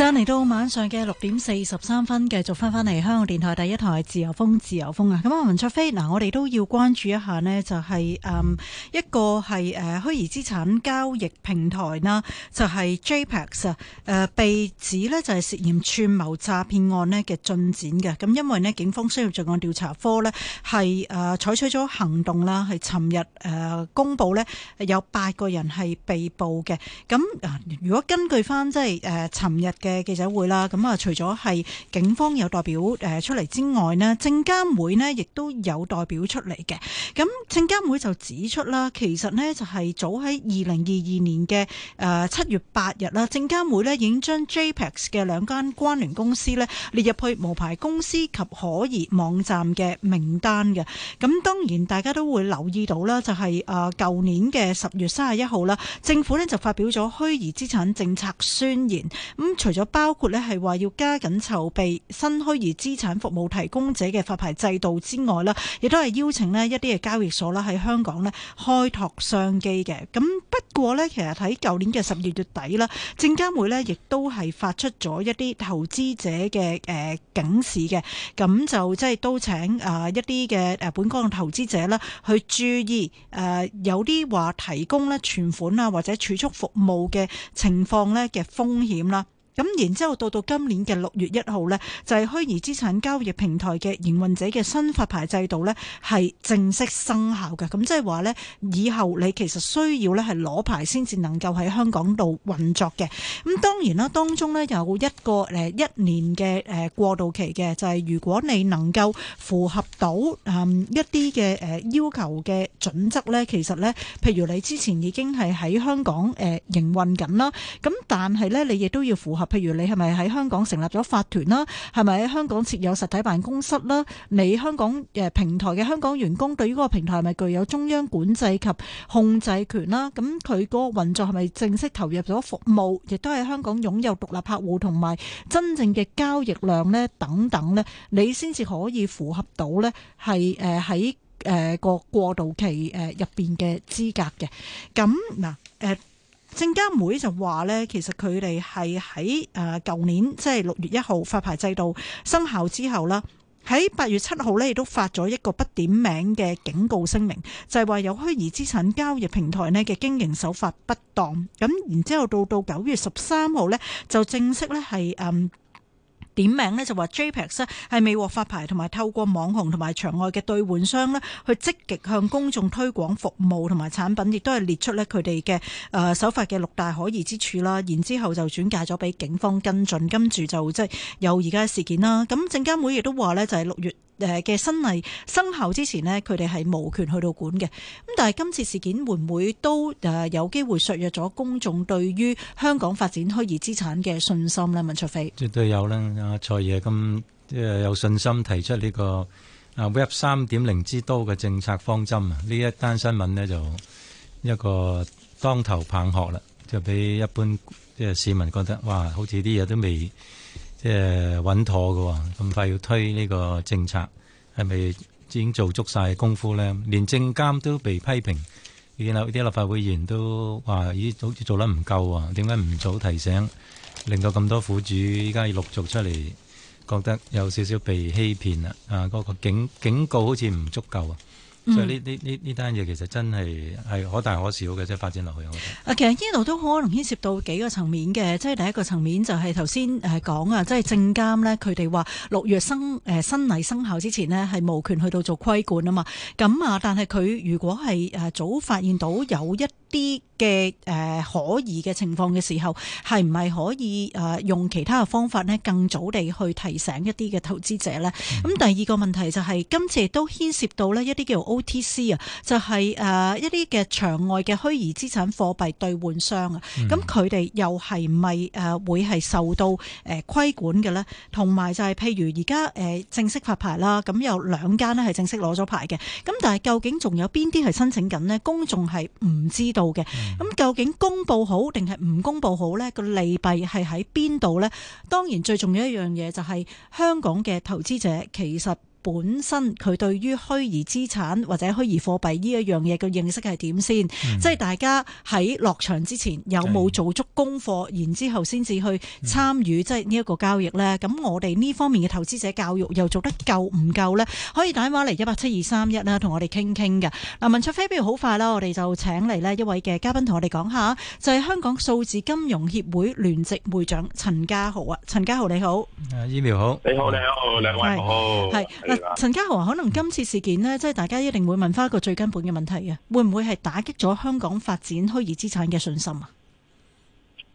嚟到晚上嘅六點四十三分，繼續翻翻嚟香港電台第一台自由風，自由風啊！咁啊，文卓飛，嗱，我哋都要關注一下咧、就是，就係誒一個係誒虛擬資產交易平台啦，就係 JPEX 啊，誒被指咧就係涉嫌串謀詐騙案咧嘅進展嘅。咁因為咧，警方需要罪案調查科咧係誒採取咗行動啦，係尋日誒公布咧有八個人係被捕嘅。咁、呃、如果根據翻即係誒尋日嘅。呃嘅記者會啦，咁啊，除咗係警方有代表誒出嚟之外，呢證監會呢亦都有代表出嚟嘅。咁證監會就指出啦，其實呢就係早喺二零二二年嘅誒七月八日啦，證監會呢已經將 JPEX 嘅兩間關聯公司呢列入去無牌公司及可疑網站嘅名單嘅。咁當然大家都會留意到啦，就係誒舊年嘅十月三十一號啦，政府呢就發表咗虛擬資產政策宣言，咁除。包括咧係話要加緊籌備新虛擬資產服務提供者嘅發牌制度之外啦，亦都係邀請咧一啲嘅交易所啦喺香港咧開拓商機嘅。咁不過咧，其實喺舊年嘅十二月底啦，證監會咧亦都係發出咗一啲投資者嘅誒警示嘅，咁就即係都請啊一啲嘅誒本港嘅投資者咧去注意誒有啲話提供咧存款啊或者儲蓄服務嘅情況咧嘅風險啦。咁然之後到到今年嘅六月一號咧，就係虛擬資產交易平台嘅營運者嘅新發牌制度咧，係正式生效嘅。咁即係話咧，以後你其實需要咧係攞牌先至能夠喺香港度運作嘅。咁當然啦，當中咧有一個誒一年嘅誒過渡期嘅，就係如果你能夠符合到嗯一啲嘅誒要求嘅準則咧，其實咧，譬如你之前已經係喺香港誒營運緊啦，咁但係咧，你亦都要符合。譬如你係咪喺香港成立咗法團啦？係咪喺香港設有實體辦公室啦？你香港誒平台嘅香港員工對於嗰個平台係咪具有中央管制及控制權啦？咁佢嗰個運作係咪正式投入咗服務？亦都喺香港擁有獨立客戶同埋真正嘅交易量呢？等等呢，你先至可以符合到呢係誒喺誒個過渡期誒入邊嘅資格嘅。咁嗱誒。證監會就話咧，其實佢哋係喺誒舊年即係六月一號發牌制度生效之後啦，喺八月七號咧亦都發咗一個不點名嘅警告聲明，就係、是、話有虛擬資產交易平台呢嘅經營手法不當，咁然之後到到九月十三號咧就正式咧係誒。嗯點名呢，就話 JPEX 呢係未獲發牌同埋透過網紅同埋場外嘅兌換商呢去積極向公眾推廣服務同埋產品，亦都係列出呢佢哋嘅誒手法嘅六大可疑之處啦。然之後就轉介咗俾警方跟進，跟住就即係有而家嘅事件啦。咁證監會亦都話呢，就係六月。誒嘅新例生效之前咧，佢哋係無權去到管嘅。咁但係今次事件會唔會都誒有機會削弱咗公眾對於香港發展虛擬資產嘅信心咧？問卓飛，絕對有啦。阿蔡爺咁誒有信心提出呢個啊 Web 三點零之都嘅政策方針啊，呢一單新聞咧就一個當頭棒喝啦，就俾一般即係市民覺得哇，好似啲嘢都未。即係穩妥嘅，咁快要推呢個政策，係咪已經做足晒功夫咧？連證監都被批評，然後啲立法會議員都話咦好似做得唔夠啊？點解唔早提醒，令到咁多苦主依家要陸續出嚟，覺得有少少被欺騙啦、啊？啊，嗰、嗰個警警告好似唔足夠啊！所以呢呢呢呢單嘢其實真係係可大可小嘅，即係發展落去。啊，其實呢度都可能牽涉到幾個層面嘅，即係第一個層面就係頭先誒講啊，即係證監咧，佢哋話六月生誒、呃、新例生效之前呢，係無權去到做規管啊嘛。咁啊，但係佢如果係誒早發現到有一啲嘅誒可疑嘅情況嘅時候，係唔係可以誒、呃、用其他嘅方法呢？更早地去提醒一啲嘅投資者咧？咁、嗯、第二個問題就係、是、今次亦都牽涉到呢一啲叫 O。O T C 啊，就係誒一啲嘅場外嘅虛擬資產貨幣兌換商啊，咁佢哋又係咪誒會係受到誒規管嘅呢？同埋就係譬如而家誒正式發牌啦，咁有兩間呢係正式攞咗牌嘅，咁但係究竟仲有邊啲係申請緊呢？公眾係唔知道嘅，咁究竟公布好定係唔公布好呢？個利弊係喺邊度呢？當然最重要一樣嘢就係香港嘅投資者其實。本身佢對於虛擬資產或者虛擬貨幣呢一樣嘢嘅認識係點先？嗯、即係大家喺落場之前有冇做足功課，嗯、然之後先至去參與即係呢一個交易呢？咁我哋呢方面嘅投資者教育又做得夠唔夠呢？可以打電話嚟一八七二三一啦，同我哋傾傾嘅。嗱，文卓飛，不如好快啦，我哋就請嚟咧一位嘅嘉賓同我哋講下，就係、是、香港數字金融協會聯席會長陳家豪啊，陳家豪你好。啊，醫療好，好。你好，你好，兩位好。係陳家豪，可能今次事件呢，即係大家一定會問翻一個最根本嘅問題嘅，會唔會係打擊咗香港發展虛擬資產嘅信心啊？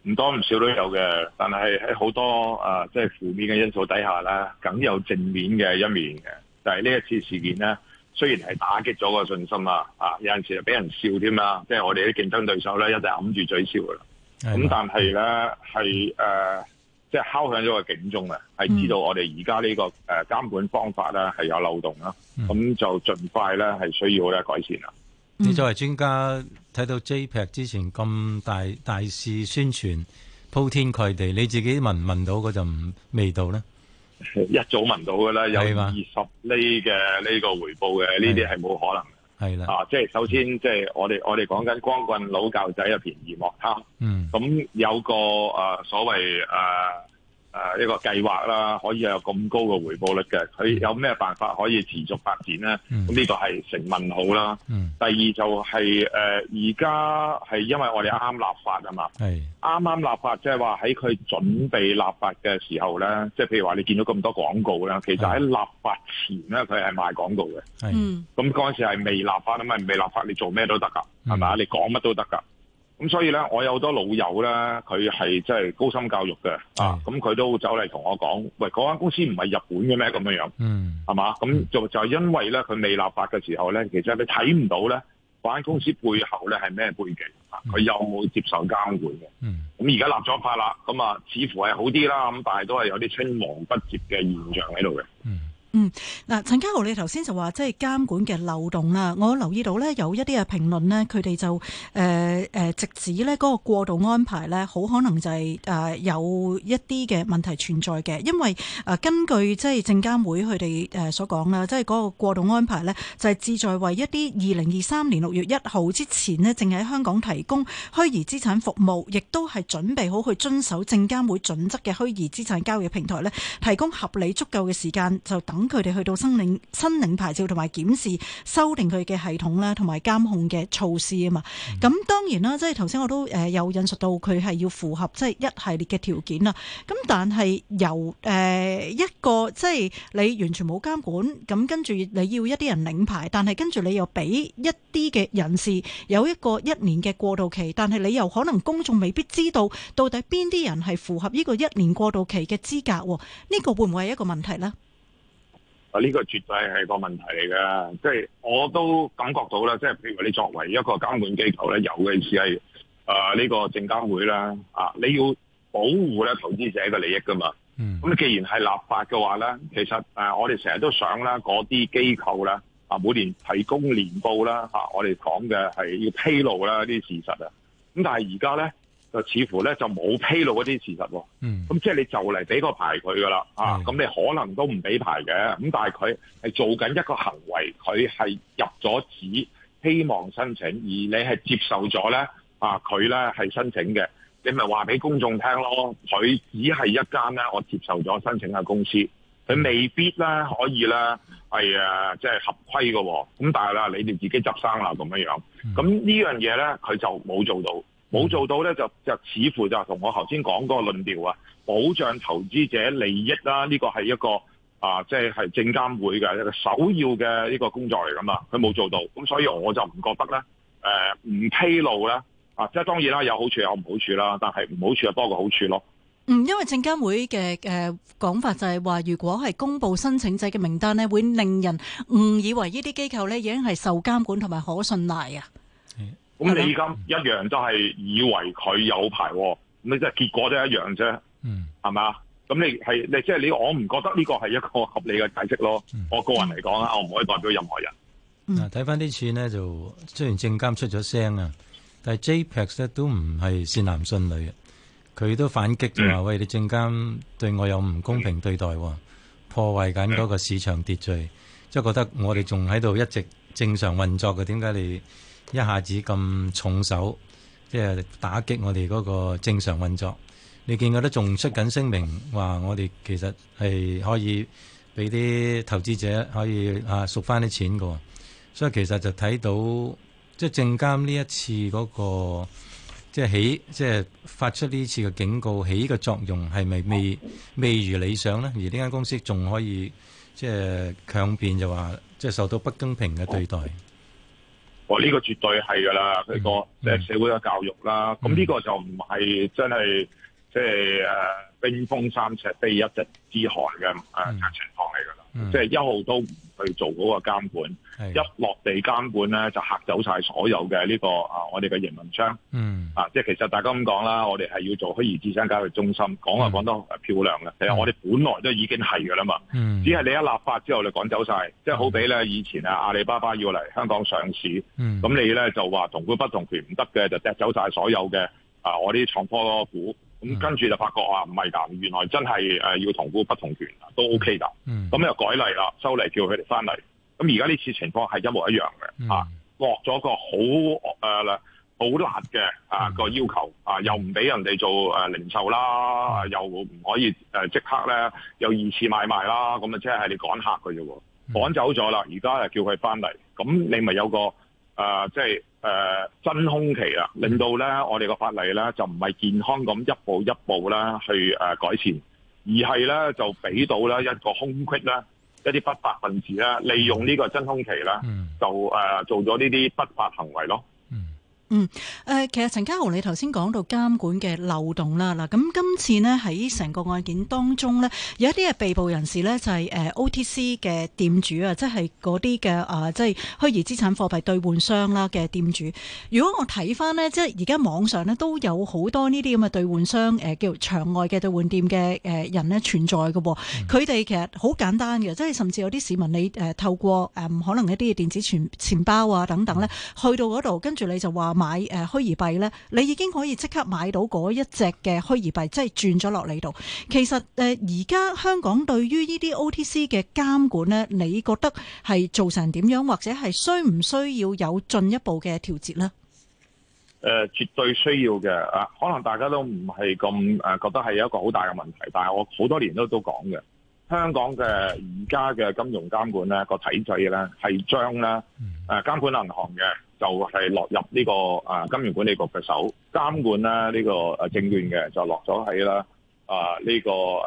唔多唔少都有嘅，但係喺好多啊即係負面嘅因素底下咧，梗有正面嘅一面嘅。但係呢一次事件呢，雖然係打擊咗個信心啦，啊有陣時就俾人笑添啦，即係我哋啲競爭對手咧，一直揞住嘴笑噶啦。咁的但係咧係誒。即係敲響咗個警鐘啊！係知道我哋而家呢個誒監管方法啦，係有漏洞啦，咁就盡快咧係需要咧改善啦。嗯、你作為專家睇到 JPEX 之前咁大大肆宣傳，鋪天蓋地，你自己聞聞到嗰陣味道咧？ 一早聞到噶啦，有二十倍嘅呢個回報嘅，呢啲係冇可能的。係啦，啊，即係首先，即係我哋我哋講緊光棍老教仔嘅，便宜莫貪嗯，咁有個誒、呃、所謂誒。呃誒一、呃這個計劃啦，可以有咁高嘅回報率嘅，佢有咩辦法可以持續發展咧？咁呢、嗯、個係成問號啦。嗯、第二就係、是、誒，而家係因為我哋啱啱立法啊嘛，啱啱是立法即係話喺佢準備立法嘅時候咧，即、就、係、是、譬如話你見到咁多廣告啦，其實喺立法前咧，佢係賣廣告嘅。咁嗰陣時係未立法啊嘛，未立法你做咩都得噶，係咪啊？你講乜都得㗎。咁所以咧，我有好多老友咧，佢係即係高深教育嘅啊，咁佢都走嚟同我講，喂，嗰間公司唔係日本嘅咩？咁樣樣，嗯，係嘛？咁就就係因為咧，佢未立法嘅時候咧，其實你睇唔到咧，嗰間公司背後咧係咩背景，佢、嗯、有冇接受監管嘅？嗯，咁而家立咗法啦，咁啊，似乎係好啲啦，咁但係都係有啲青黃不接嘅現象喺度嘅。嗯。嗯，嗱，陳家豪，你頭先就話即係監管嘅漏洞啦。我留意到咧，有一啲嘅評論咧，佢哋就誒誒、呃呃、直指咧嗰個過渡安排咧，好可能就係誒有一啲嘅問題存在嘅。因為誒根據即係證監會佢哋誒所講啦，即係嗰個過渡安排咧，就係旨在為一啲二零二三年六月一號之前咧，正喺香港提供虛擬資產服務，亦都係準備好去遵守證監會準則嘅虛擬資產交易平台咧，提供合理足夠嘅時間就等。咁佢哋去到申領申領牌照同埋檢視修訂佢嘅系統啦，同埋監控嘅措施啊嘛。咁、嗯、當然啦，即係頭先我都誒有引述到佢係要符合即係一系列嘅條件啊，咁但係由誒、呃、一個即係你完全冇監管，咁跟住你要一啲人領牌，但係跟住你又俾一啲嘅人士有一個一年嘅過渡期，但係你又可能公眾未必知道到底邊啲人係符合呢個一年過渡期嘅資格，呢、呢個會唔會係一個問題咧？啊！呢個絕對係個問題嚟嘅，即係我都感覺到啦。即係譬如你作為一個監管機構咧，尤其係啊呢個證監會啦，啊你要保護咧投資者嘅利益㗎嘛。嗯。咁既然係立法嘅話咧，其實啊，我哋成日都想啦，嗰啲機構咧啊，每年提供年報啦，嚇我哋講嘅係要披露啦啲事實啊。咁但係而家咧。就似乎咧就冇披露嗰啲事實喎，哦、咁、嗯、即係你就嚟俾個牌佢噶啦，的啊，咁你可能都唔俾牌嘅，咁但係佢係做緊一個行為，佢係入咗紙，希望申請，而你係接受咗咧，啊，佢咧係申請嘅，你咪話俾公眾聽咯，佢只係一間咧，我接受咗申請嘅公司，佢未必咧可以咧係啊，即、哎、係、就是、合規嘅、哦，咁但係啦，你哋自己執生啦咁樣，嗯、樣。咁呢樣嘢咧佢就冇做到。冇做到咧，就就似乎就係同我頭先講個論調啊，保障投資者利益啦，呢個係一個啊，即係係證監會嘅首要嘅一個工作嚟㗎嘛，佢冇做到，咁所以我就唔覺得咧，誒唔披露咧，啊即係當然啦，有好處有唔好處啦，但係唔好處啊多過好處咯。嗯，因為證監會嘅誒講法就係話，如果係公布申請者嘅名單咧，會令人誤以為呢啲機構咧已經係受監管同埋可信賴啊。咁、嗯、你而家一樣都係以為佢有牌喎，你即係結果都一樣啫，係嘛、嗯？咁你係你即係你，我唔覺得呢個係一個合理嘅解釋咯。嗯、我個人嚟講啊，我唔可以代表任何人。嗱、嗯，睇翻呢次呢，就雖然證監出咗聲啊，但係 JPEX 呢都唔係善男信女，佢都反擊就話：嗯、喂，你證監對我有唔公平對待，破壞緊嗰個市場秩序，即係、嗯、覺得我哋仲喺度一直正常運作嘅，點解你？一下子咁重手，即係打擊我哋嗰個正常運作。你見佢都仲出緊聲明，話我哋其實係可以俾啲投資者可以啊贖翻啲錢嘅。所以其實就睇到即係證監呢一次嗰個即係起，即係發出呢次嘅警告，起嘅作用係咪未未如理想咧？而呢間公司仲可以即係強辯，就話即係受到不公平嘅對待。呢個絕對係噶啦，佢個即社會嘅教育啦。咁呢、嗯嗯、個就唔係真係，即係誒冰封三尺非一日之寒嘅誒、呃、情況嚟噶啦。嗯、即係一號都唔去做嗰個監管，的一落地監管咧就嚇走晒所有嘅呢、這個啊，我哋嘅營運商。嗯，啊，即係其實大家咁講啦，我哋係要做虛擬資產交易中心，講啊講得漂亮嘅，嗯、其實我哋本來都已經係噶啦嘛。嗯，只係你一立法之後你趕，你趕走晒，即係好比咧以前啊阿里巴巴要嚟香港上市，咁、嗯、你咧就話同股不同權唔得嘅，就踢走晒所有嘅啊我呢啲創科嗰公咁跟住就發覺啊，唔係噉，原來真係要同股不同權，都 OK 噉，咁又改例啦，收嚟叫佢哋翻嚟。咁而家呢次情況係一模一樣嘅啊，落咗個好誒好辣嘅啊個要求啊，又唔俾人哋做零售啦，又唔可以即刻咧又二次買賣啦，咁啊即係你趕客佢啫喎，趕走咗啦，而家又叫佢翻嚟，咁你咪有個誒即係。誒、呃，真空期啦，令到咧我哋個法例咧就唔係健康咁一步一步啦去誒、呃、改善，而係咧就俾到咧一個空隙啦，一啲不法分子啦利用呢個真空期啦，就誒、呃、做咗呢啲不法行為咯。嗯，誒、呃，其實陳家豪，你頭先講到監管嘅漏洞啦，嗱，咁今次呢，喺成個案件當中呢，有一啲係被捕人士呢，就係、是、誒 OTC 嘅店主啊，即係嗰啲嘅啊，即係虛擬資產貨幣兌換商啦嘅店主。如果我睇翻呢，即係而家網上呢，都有好多呢啲咁嘅兌換商誒、呃，叫場外嘅兌換店嘅誒人呢存在嘅喎、哦，佢哋、嗯、其實好簡單嘅，即係甚至有啲市民你誒、呃、透過誒、呃、可能一啲嘅電子錢包啊等等呢，去到嗰度，跟住你就話。買誒虛擬幣咧，你已經可以即刻買到嗰一隻嘅虛擬幣，即係轉咗落嚟度。其實誒，而家香港對於呢啲 OTC 嘅監管咧，你覺得係做成點樣，或者係需唔需要有進一步嘅調節咧？誒、呃，絕對需要嘅。啊，可能大家都唔係咁誒，覺得係有一個好大嘅問題。但係我好多年都都講嘅，香港嘅而家嘅金融監管咧個體制咧係將咧誒監管銀行嘅。就係落入呢個啊金融管理局嘅手監管啦，呢個誒證券嘅就落咗喺啦啊呢個誒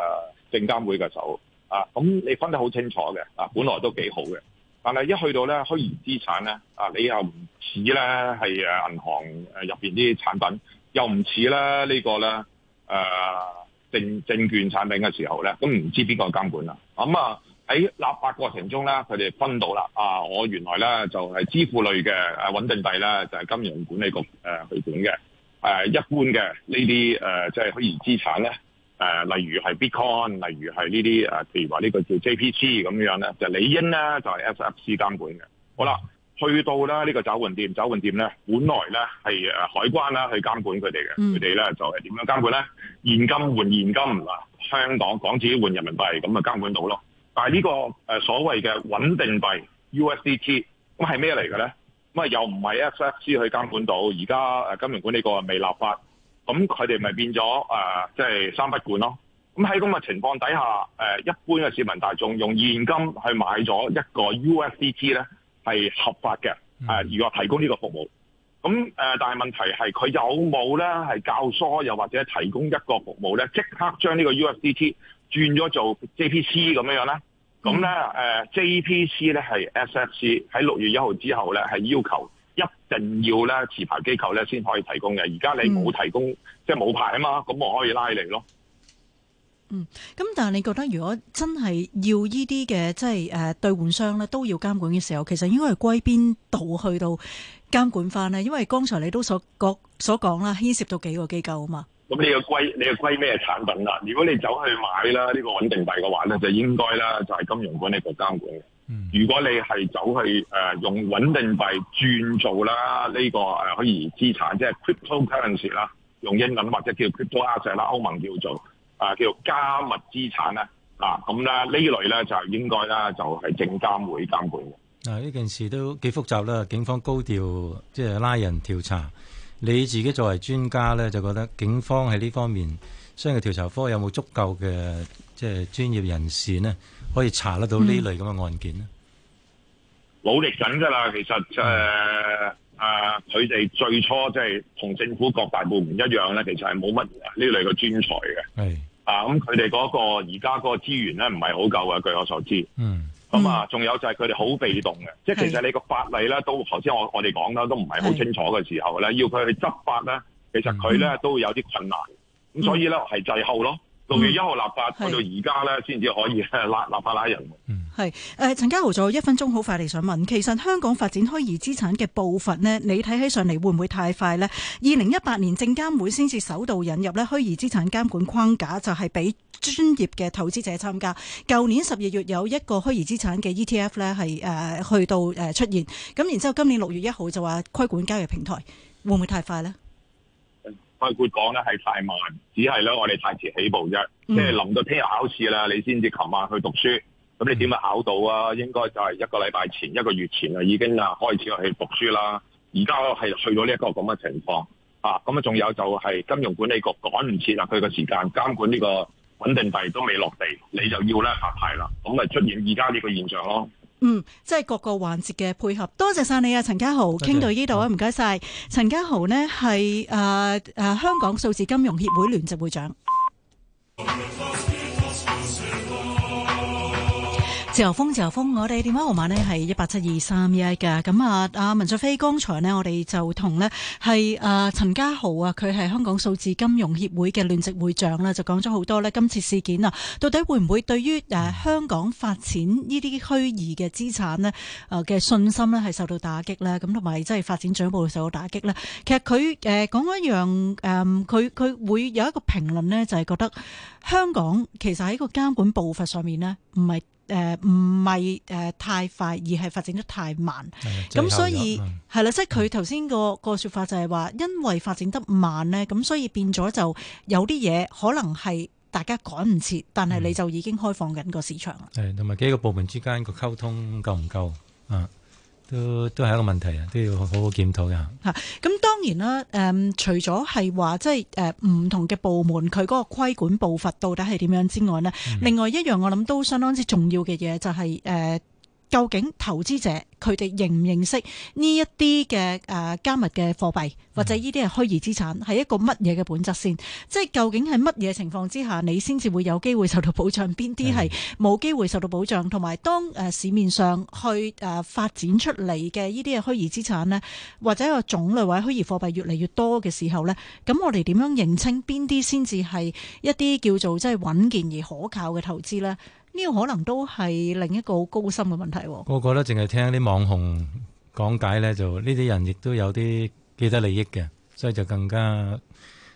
證監會嘅手啊，咁你分得好清楚嘅啊，本來都幾好嘅，但係一去到咧虛擬資產咧啊，你又唔似咧係誒銀行入面啲產品，又唔似咧呢個咧誒、啊、證、證券產品嘅時候咧，咁唔知邊個監管啊？啊。喺立法過程中咧，佢哋分到啦啊！我原來咧就係、是、支付類嘅誒穩定幣咧，就係、是、金融管理局誒去管嘅誒、啊。一般嘅呢啲誒即係虛擬資產咧誒、啊，例如係 Bitcoin，例如係呢啲誒，譬、啊、如話呢個叫 JPEX 咁樣咧，就理應咧就係、是、SFC 監管嘅。好啦，去到咧呢、這個找換店，找換店咧本來咧係誒海關啦去監管佢哋嘅，佢哋咧就係、是、點樣監管咧？現金換現金嗱，香港港紙換人民幣咁啊，監管到咯。但係呢個誒所謂嘅穩定幣 USDT，咁係咩嚟嘅咧？咁啊又唔係 SFC 去監管到，而家誒金融管理局未立法，咁佢哋咪變咗誒即係三不管咯。咁喺咁嘅情況底下，誒、呃、一般嘅市民大眾用現金去買咗一個 USDT 咧，係合法嘅。誒、呃，如果提供呢個服務，咁誒、呃，但係問題係佢有冇咧係教唆又或者提供一個服務咧，即刻將呢個 USDT。轉咗做 JPC 咁樣樣咧，咁咧誒 JPC 咧係 SFC 喺六月一號之後咧係要求一定要咧持牌機構咧先可以提供嘅，而家你冇提供，嗯，即係冇牌啊嘛，咁我可以拉你咯。嗯，咁但係你覺得如果真係要呢啲嘅即係誒兌換商咧都要監管嘅時候，其實應該係歸邊度去到監管翻咧？因為剛才你都所講所講啦，牽涉到幾個機構啊嘛。咁你要歸你要歸咩產品啦？如果你走去買啦呢個穩定幣嘅話咧，就應該啦，就係金融管理局監管嘅。嗯、如果你係走去誒、呃、用穩定幣轉做啦呢、呢個誒虛擬資產，即係 crypto currency 啦、嗯，用英文或者叫 crypto asset 啦，歐盟叫做啊叫加密資產咧啊，咁咧呢類咧就是、應該啦，就係證監會監管嘅。嗱呢、啊、件事都幾複雜啦，警方高調即係拉人調查。你自己作為專家咧，就覺得警方喺呢方面商業調查科有冇足夠嘅即係專業人士呢，可以查得到呢類咁嘅案件咧？努力緊㗎啦，其實誒、嗯、啊，佢哋最初即係同政府各大部門一樣咧，其實係冇乜呢類嘅專才嘅。係啊，咁佢哋嗰個而家嗰個資源咧，唔係好夠嘅。據我所知，嗯。咁啊，仲、嗯、有就係佢哋好被動嘅，即係其實你個法例咧，是都頭先我我哋講啦，都唔係好清楚嘅時候咧，是要佢去執法咧，其實佢咧、嗯、都會有啲困難，咁所以咧係滯後咯。六月一號立法，到而家咧先至可以立立法拉人。嗯，係誒，陳、呃、家豪仲有一分鐘好快嚟，想問，其實香港發展虛擬資產嘅部分呢，你睇起上嚟，會唔會太快呢？二零一八年證監會先至首度引入咧虛擬資產監管框架，就係俾專業嘅投資者參加。舊年十二月有一個虛擬資產嘅 ETF 咧，係、呃、誒去到誒出現。咁然之後今年六月一號就話規管交易平台，會唔會太快呢？概括講咧係太慢，只係咧我哋太遲起步啫，即係臨到聽日考試啦，你先至琴晚去讀書，咁你點啊考到啊？應該就係一個禮拜前、一個月前啊，已經啊開始去讀書啦。而家係去到呢一個咁嘅情況啊，咁啊仲有就係金融管理局趕唔切啊，佢個時間監管呢個穩定幣都未落地，你就要咧發牌啦，咁咪出現而家呢個現象咯。嗯，即係各個環節嘅配合，多謝晒你啊，陳家豪，傾謝到呢度啊，唔該晒，陳、嗯、家豪呢係誒誒香港數字金融協會聯席會長。自由風，自由風，我哋電話號碼呢係一八七二三一一嘅。咁啊，阿文俊飛剛才呢，才我哋就同呢係誒陳家豪啊，佢係香港數字金融協會嘅聯席會長呢就講咗好多呢今次事件啊，到底會唔會對於誒香港發展呢啲虛擬嘅資產呢誒嘅信心呢係受到打擊呢？咁同埋即係發展進一步受到打擊呢？其實佢誒講一樣誒，佢、呃、佢會有一個評論呢，就係、是、覺得香港其實喺個監管步伐上面呢，唔係。誒唔係誒太快，而係發展得太慢，咁的所以係啦，即係佢頭先個個説、就是嗯、法就係話，因為發展得慢呢，咁所以變咗就有啲嘢可能係大家趕唔切，但係你就已經開放緊個市場啦。同埋、嗯嗯、幾個部門之間個溝通夠唔夠啊？嗯都都係一個問題啊，都要好好檢討嘅吓。咁當然啦，誒、嗯，除咗係話即係誒，唔、就是呃、同嘅部門佢嗰個規管步伐到底係點樣之外呢、嗯、另外一樣我諗都相當之重要嘅嘢就係、是、誒。呃究竟投資者佢哋認唔認識呢一啲嘅誒加密嘅貨幣，或者呢啲係虛擬資產，係一個乜嘢嘅本質先？即係究竟係乜嘢情況之下，你先至會有機會受到保障？邊啲係冇機會受到保障？同埋當市面上去誒發展出嚟嘅呢啲嘅虛擬資產呢，或者個種類或者虛擬貨幣越嚟越多嘅時候呢，咁我哋點樣認清邊啲先至係一啲叫做即係穩健而可靠嘅投資呢？呢個可能都係另一個好高深嘅問題。個個都淨係聽啲網紅講解咧，就呢啲人亦都有啲既得利益嘅，所以就更加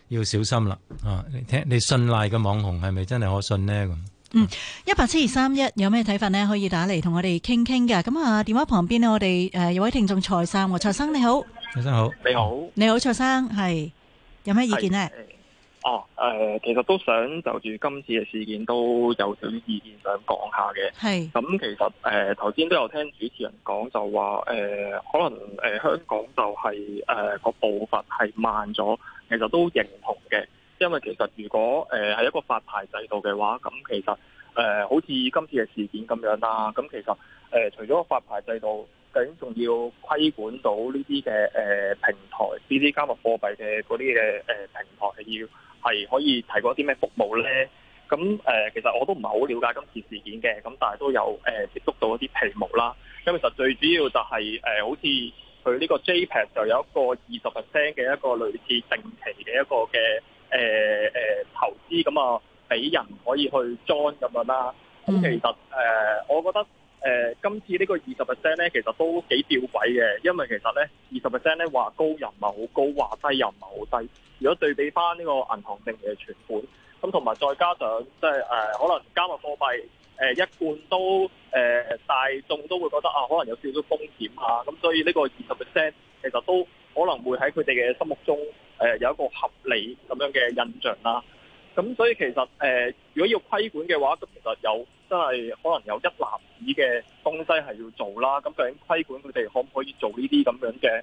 要小心啦。啊，你聽你信賴嘅網紅係咪真係可信咧？咁嗯，一八七二三一有咩睇法咧？可以打嚟同我哋傾傾嘅。咁啊，電話旁邊咧，我哋誒有位聽眾蔡生喎，蔡生你好。蔡生好，你好。你好，蔡生係。有咩意見咧？哦，誒、啊，呃，其實都想就住今次嘅事件都有少少意見想講下嘅。係是，咁其實誒頭先都有聽主持人講，就話誒、呃、可能誒、呃、香港就係、是、誒、呃、個步伐係慢咗，其實都認同嘅。因為其實如果誒係、呃、一個發牌制度嘅話，咁其實誒、呃、好似今次嘅事件咁樣啦，咁其實誒、呃、除咗個發牌制度，究竟仲要規管到呢啲嘅誒平台，呢啲加密貨幣嘅嗰啲嘅誒平台係要，係可以提供一啲咩服務咧？咁、呃、其實我都唔係好了解今次事件嘅，咁但係都有接、呃、觸，觸到一啲皮毛啦。咁其實最主要就係、是呃、好似佢呢個 JPEX 就有一個二十 percent 嘅一個類似定期嘅一個嘅、呃呃、投資咁啊，俾人可以去 join 咁樣啦。咁其實、呃、我覺得。.誒、呃，今次這個20呢個二十 percent 咧，其實都幾吊詭嘅，因為其實咧二十 percent 咧話高又唔係好高，話低又唔係好低。如果對比翻呢個銀行定期嘅存款，咁同埋再加上即係誒，可能加密貨幣誒、呃、一半都誒、呃，大眾都會覺得啊，可能有少少風險啊。咁所以呢個二十 percent 其實都可能會喺佢哋嘅心目中誒、呃、有一個合理咁樣嘅印象啦、啊。咁所以其實誒、呃，如果要規管嘅話，咁其實有真係可能有一籃子嘅東西係要做啦。咁究竟規管佢哋可唔可以做呢啲咁樣嘅誒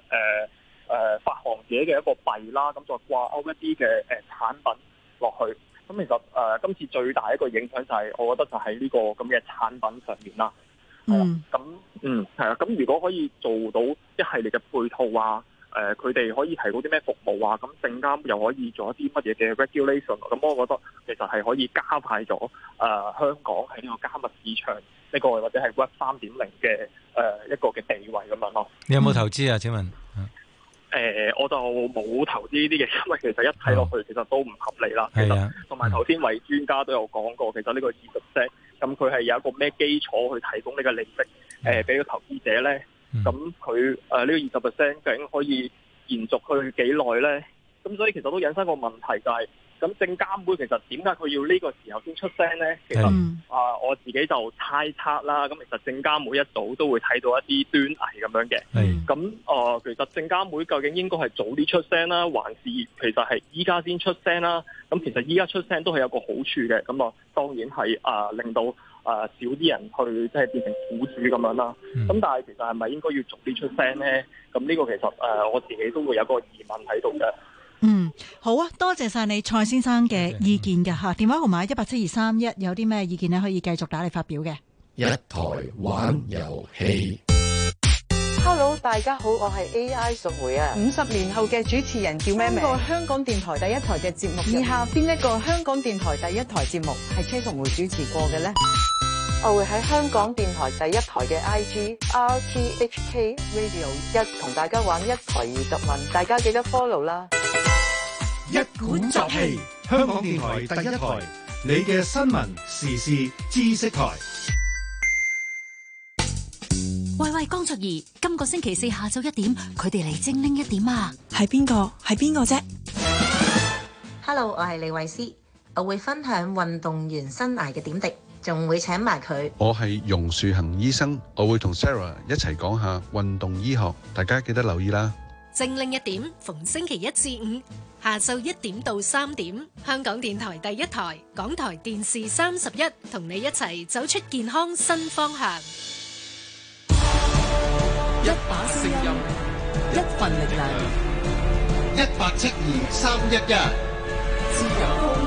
誒發行者嘅一個幣啦？咁再掛鈎一啲嘅誒產品落去。咁其實誒、呃、今次最大一個影響就係、是，我覺得就喺呢個咁嘅產品上面啦。係咁、mm. 嗯係啊，咁、嗯、如果可以做到一系列嘅配套啊。誒佢哋可以提供啲咩服務啊？咁證監又可以做一啲乜嘢嘅 regulation？咁我覺得其實係可以加派咗誒香港喺呢個加密市場呢、這個或者係 Web 3.0嘅誒一個嘅地位咁樣咯。你有冇投資啊？請問？誒、呃、我就冇投資呢啲嘢，因為其實一睇落去其實都唔合理啦。其實同埋頭先位專家都有講過，嗯、其實呢個二十 percent 咁佢係有一個咩基礎去提供呢個利息誒俾個投資者咧？咁佢呢個二十 percent 究竟可以延續去幾耐咧？咁所以其實都引申個問題就係、是、咁，證監會其實點解佢要呢個時候先出聲咧？嗯、其實啊、呃，我自己就猜測啦。咁其實證監會一早都會睇到一啲端倪咁樣嘅。咁、嗯呃、其實證監會究竟應該係早啲出聲啦，還是其實係依家先出聲啦？咁其實依家出聲都係有個好處嘅。咁啊，當然係啊、呃，令到。啊，少啲人去即係變成苦主咁樣啦。咁、嗯、但係其實係咪應該要逐啲出聲咧？咁呢個其實誒、啊，我自己都會有個疑問喺度嘅。嗯，好啊，多謝晒你蔡先生嘅意見嘅吓，嗯、電話號碼一八七二三一，有啲咩意見咧，可以繼續打嚟，發表嘅。一台玩遊戲。Hello，大家好，我係 AI 淑梅啊。五十年後嘅主持人叫咩名？個香港電台第一台嘅節目。以下邊一個香港電台第一台節目係車淑梅主持過嘅咧？我會喺香港電台第一台嘅 I G R T H K Radio 一同大家玩一台二十問，大家記得 follow 啦！一管集氣香港電台第一台，你嘅新聞時事知識台。喂喂，江卓兒，今、這個星期四下晝一點，佢哋嚟精靈一點啊？係邊個？係邊個啫？Hello，我係李慧詩，我會分享運動員生涯嘅點滴。仲會請埋佢。我係容樹恒醫生，我會同 Sarah 一齊講下運動醫學，大家記得留意啦。精靈一點，逢星期一至五下晝一點到三點，香港電台第一台，港台電視三十一，同你一齊走出健康新方向。一把聲音，一份力量，一八七二三一一。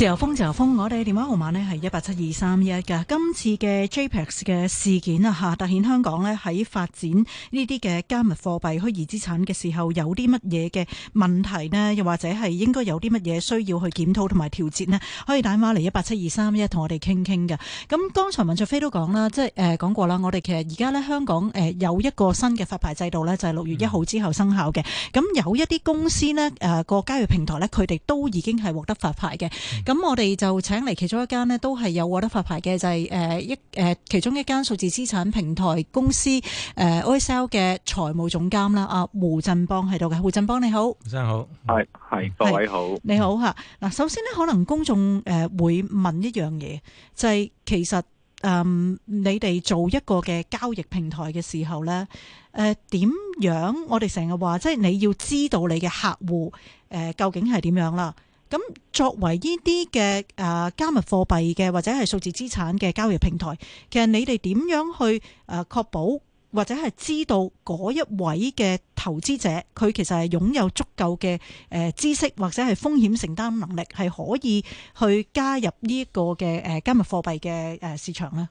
自由風，自由風，我哋嘅電話號碼呢係一八七二三一㗎。今次嘅 JPEX 嘅事件啊，嚇，突顯香港呢喺發展呢啲嘅加密貨幣、虛擬資產嘅時候，有啲乜嘢嘅問題呢？又或者係應該有啲乜嘢需要去檢討同埋調節呢？可以打電話嚟一八七二三一同我哋傾傾嘅。咁剛才文卓飛都講啦，即係誒、呃、講過啦，我哋其實而家呢，香港誒、呃、有一個新嘅發牌制度呢，就係、是、六月一號之後生效嘅。咁有一啲公司呢，誒個交易平台呢，佢哋都已經係獲得發牌嘅。咁我哋就請嚟其中一間呢都係有獲得發牌嘅，就係誒一誒其中一間數字資產平台公司誒、呃、OSL 嘅財務總監啦，阿胡振邦喺度嘅，胡振邦，胡振邦你好，胡振邦好，係係各位好，你好吓。嗱，首先呢，可能公眾誒會問一樣嘢，就係、是、其實誒、嗯、你哋做一個嘅交易平台嘅時候咧，誒、呃、點樣？我哋成日話，即係你要知道你嘅客戶誒、呃、究竟係點樣啦。咁作為呢啲嘅誒加密貨幣嘅或者係數字資產嘅交易平台，其實你哋點樣去誒確保或者係知道嗰一位嘅投資者佢其實係擁有足夠嘅誒知識或者係風險承擔能力，係可以去加入呢一個嘅誒加密貨幣嘅誒市場咧？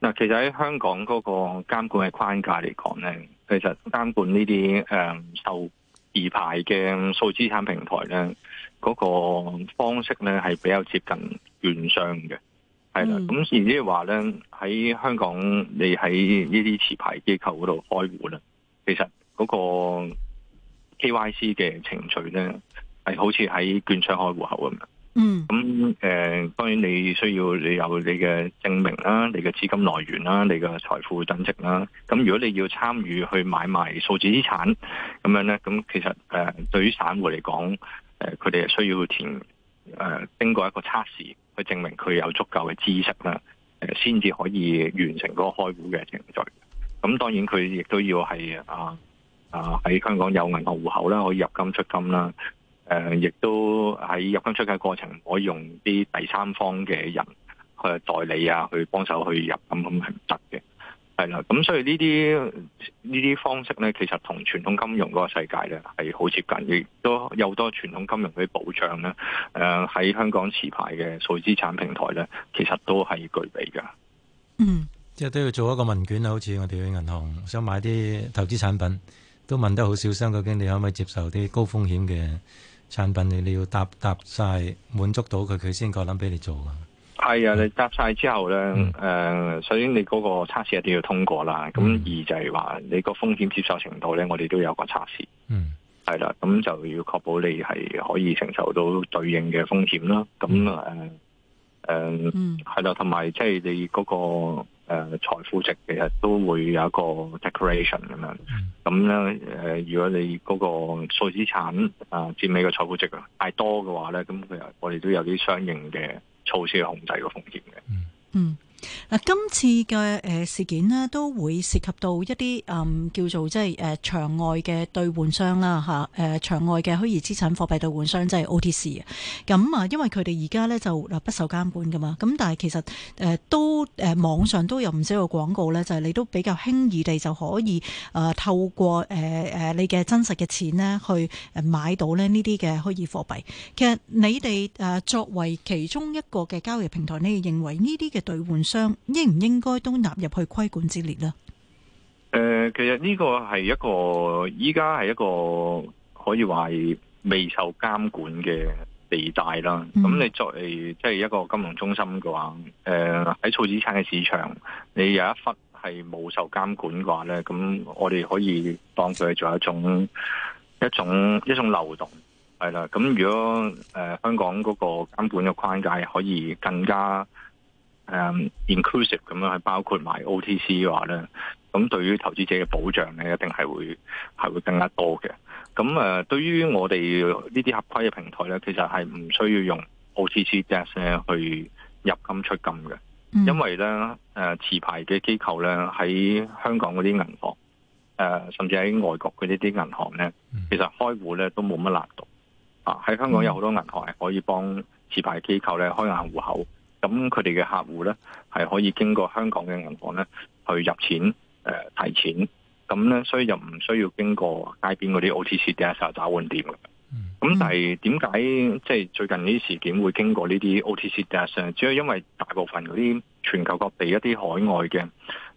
嗱，其實喺香港嗰個監管嘅框架嚟講咧，其實監管呢啲誒受二牌嘅數字資產平台咧，嗰個方式咧係比較接近券商嘅，係啦。咁然之後話咧，喺香港你喺呢啲持牌機構嗰度開戶啦，其實嗰個 KYC 嘅程序咧係好似喺券商開戶口咁樣。嗯，咁、呃、當然你需要你有你嘅證明啦、啊，你嘅資金來源啦、啊，你嘅財富等值啦、啊。咁如果你要參與去買賣數字資產咁樣咧，咁其實誒、呃、對於散戶嚟講，誒，佢哋係需要填誒經過一個測試，去證明佢有足夠嘅知識啦，誒、呃，先至可以完成嗰個開戶嘅程序。咁當然佢亦都要係啊啊喺香港有銀行戶口啦，可以入金出金啦。誒、呃，亦都喺入金出嘅過程，可以用啲第三方嘅人去代理啊，去幫手去入，咁咁係唔得嘅。係啦，咁所以呢啲呢啲方式呢，其實同傳統金融嗰個世界呢係好接近，亦都有多傳統金融啲保障呢誒，喺、呃、香港持牌嘅數字資產平台呢，其實都係具備噶。即係都要做一個問卷，好似我哋去銀行想買啲投資產品，都問得好小心，究竟你可唔可以接受啲高風險嘅產品？你你要答答晒，滿足到佢，佢先夠膽俾你做噶。係啊，你答晒之後咧，誒、嗯呃，首先你嗰個測試一定要通過啦。咁二、嗯、就係話你個風險接受程度咧，我哋都有個測試。嗯，係啦，咁就要確保你係可以承受到對應嘅風險啦。咁誒，誒、嗯，係啦、呃，同埋即係你嗰、那個誒財、呃、富值其實都會有一個 decoration 咁樣、嗯。咁咧，誒、呃，如果你嗰個數資產啊佔你個財富值啊太多嘅話咧，咁其實我哋都有啲相應嘅。措施去控制個風險嘅。嗯嗯嗱，今次嘅誒事件呢，都會涉及到一啲、嗯、叫做即係誒場外嘅兌換商啦，吓誒場外嘅虛擬資產貨幣兌換商即係、就是、OTC 啊。咁啊，因為佢哋而家咧就嗱不受監管噶嘛，咁但係其實誒都誒網上都有唔少嘅廣告咧，就係、是、你都比較輕易地就可以誒透過誒誒你嘅真實嘅錢呢去誒買到咧呢啲嘅虛擬貨幣。其實你哋誒作為其中一個嘅交易平台，你哋認為呢啲嘅兌換應唔應該都納入去規管之列呢？誒、呃，其實呢個係一個依家，係一個可以話係未受監管嘅地帶啦。咁、嗯、你作為即係一個金融中心嘅話，誒喺儲值產嘅市場，你有一忽係冇受監管嘅話咧，咁我哋可以當佢做一種一種一種漏洞，係啦。咁如果誒、呃、香港嗰個監管嘅框架可以更加誒、um, inclusive 咁樣係包括埋 OTC 嘅話咧，咁對於投資者嘅保障咧，一定係會係會更加多嘅。咁誒、呃，對於我哋呢啲合規嘅平台咧，其實係唔需要用 OTC desk 咧去入金出金嘅，嗯、因為咧誒、呃、持牌嘅機構咧喺香港嗰啲銀行誒、呃，甚至喺外國嗰啲啲銀行咧，嗯、其實開戶咧都冇乜難度啊！喺香港有好多銀行係可以幫持牌機構咧開銀行戶口。咁佢哋嘅客戶咧，係可以經過香港嘅銀行咧去入錢誒、呃、提錢，咁咧所以就唔需要經過街邊嗰啲 O T C s 下找換店。咁但係點解即係最近呢啲事件會經過呢啲 O T C d s 上？主要因為大部分嗰啲全球各地一啲海外嘅誒、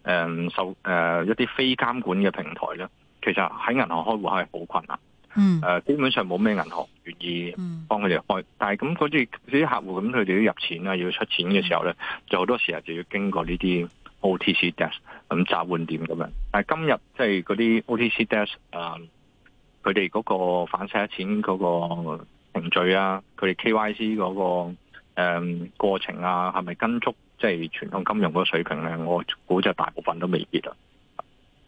呃、受誒、呃、一啲非監管嘅平台咧，其實喺銀行開戶係好困難。嗯，誒，基本上冇咩銀行願意幫佢哋開，嗯、但係咁嗰啲啲客戶咁，佢哋要入錢啊，要出錢嘅時候咧，嗯、就好多時候就要經過呢啲 O T C Desk 咁、嗯、雜換點咁樣。但係今日即係嗰啲 O T C Desk，誒、啊，佢哋嗰個反洗錢嗰個程序啊，佢哋 K Y C 嗰、嗰個誒、嗯、過程啊，係咪跟足即係傳統金融嗰個水平咧？我估就大部分都未必啦。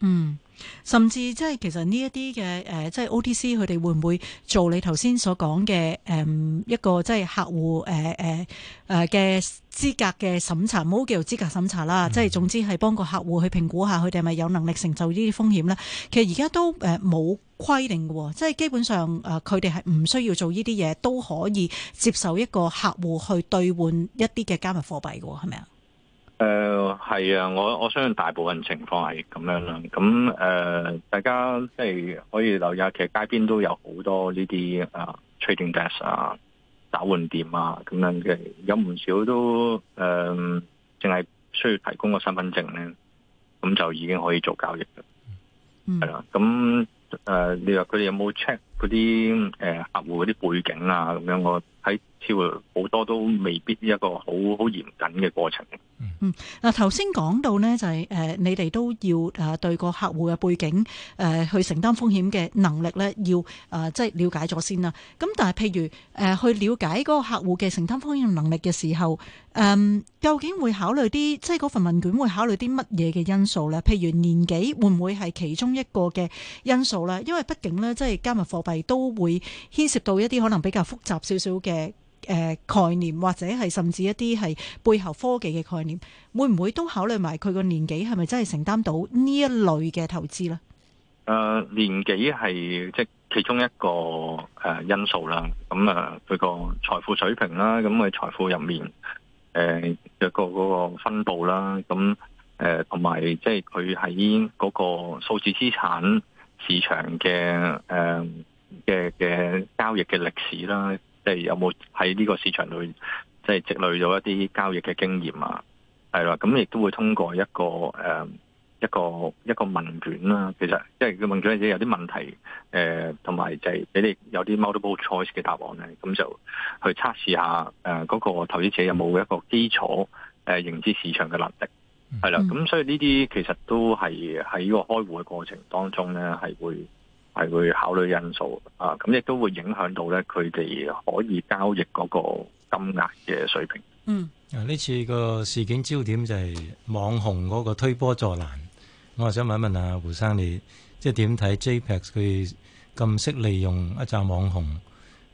嗯，甚至即係其實呢一啲嘅，誒，即係 OTC 佢哋會唔會做你頭先所講嘅，誒，一個即係客戶，誒，誒，誒嘅資格嘅審查，唔好叫做資格審查啦，即係、嗯、總之係幫個客戶去評估下佢哋係咪有能力承受呢啲風險咧。其實而家都誒冇規定嘅，即係基本上誒佢哋係唔需要做呢啲嘢，都可以接受一個客戶去兌換一啲嘅加密貨幣嘅，係咪啊？誒，係、呃、啊，我我相信大部分情況係咁樣啦。咁誒、呃，大家即係可以留意下，其實街邊都有好多呢啲啊，Trading Desk 啊，打換店啊，咁樣嘅有唔少都誒，淨、呃、係需要提供個身份證咧，咁就已經可以做交易啦。係啦、嗯，咁誒、啊呃，你話佢哋有冇 check？嗰啲誒客戶嗰啲背景啊，咁樣我睇超好多都未必一個好好嚴謹嘅過程。嗯，嗱頭先講到咧，就係誒你哋都要誒對個客戶嘅背景誒去承擔風險嘅能力咧，要誒即係了解咗先啦。咁但係譬如誒去了解嗰個客戶嘅承擔風險能力嘅時候，誒，究竟會考慮啲即係嗰份問卷會考慮啲乜嘢嘅因素咧？譬如年紀會唔會係其中一個嘅因素咧？因為畢竟咧，即係加密貨幣。係都會牽涉到一啲可能比較複雜少少嘅誒概念，或者係甚至一啲係背後科技嘅概念，會唔會都考慮埋佢個年紀係咪真係承擔到呢一類嘅投資咧？誒，年紀係即係其中一個誒因素啦。咁啊，佢個財富水平啦，咁佢財富入面誒有個嗰個分布啦，咁誒同埋即係佢喺嗰個數字資產市場嘅誒。嘅嘅交易嘅歷史啦，即係有冇喺呢個市場裏，即係積累咗一啲交易嘅經驗啊，係啦，咁亦都會通過一個誒一個一個問卷啦。其實，因為個問卷咧有啲問題誒，同埋就係俾你有啲 multiple choice 嘅答案嘅，咁就去測試下誒嗰個投資者有冇一個基礎誒認知市場嘅能力，係啦。咁、嗯、所以呢啲其實都係喺個開戶嘅過程當中咧，係會。係會考慮因素啊，咁亦都會影響到咧佢哋可以交易嗰個金額嘅水平。嗯，啊呢次個事件焦點就係網紅嗰個推波助瀾。我想問一問阿、啊、胡生，你即係點睇 JPEX 佢咁識利用一紮網紅？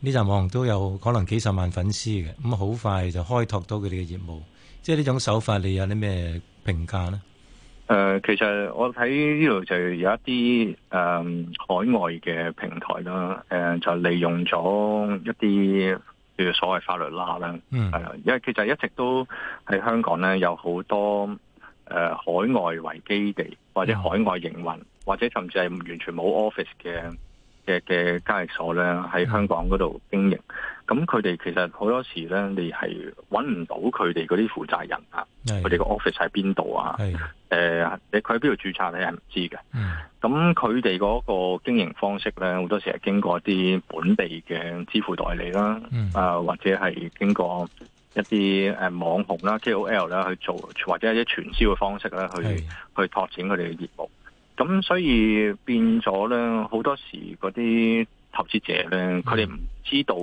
呢紮網紅都有可能幾十萬粉絲嘅，咁好快就開拓到佢哋嘅業務。即係呢種手法，你有啲咩評價呢？誒、呃，其實我睇呢度就有一啲誒、呃、海外嘅平台啦，誒、呃、就利用咗一啲，譬如所謂法律啦，係、呃、啦，mm. 因為其實一直都喺香港咧有好多誒、呃、海外為基地或者海外營運，或者甚至係完全冇 office 嘅。嘅嘅交易所咧喺香港嗰度經營，咁佢哋其實好多時咧，你係揾唔到佢哋嗰啲負責人啊，佢哋個 office 喺邊度啊？誒，的呃、你佢喺邊度註冊你係唔知嘅。咁佢哋嗰個經營方式咧，好多時係經過一啲本地嘅支付代理啦，啊、嗯、或者係經過一啲誒網紅啦、KOL 啦去做，或者一啲傳銷嘅方式咧去的去拓展佢哋嘅業務。咁所以變咗咧，好多時嗰啲投資者咧，佢哋唔知道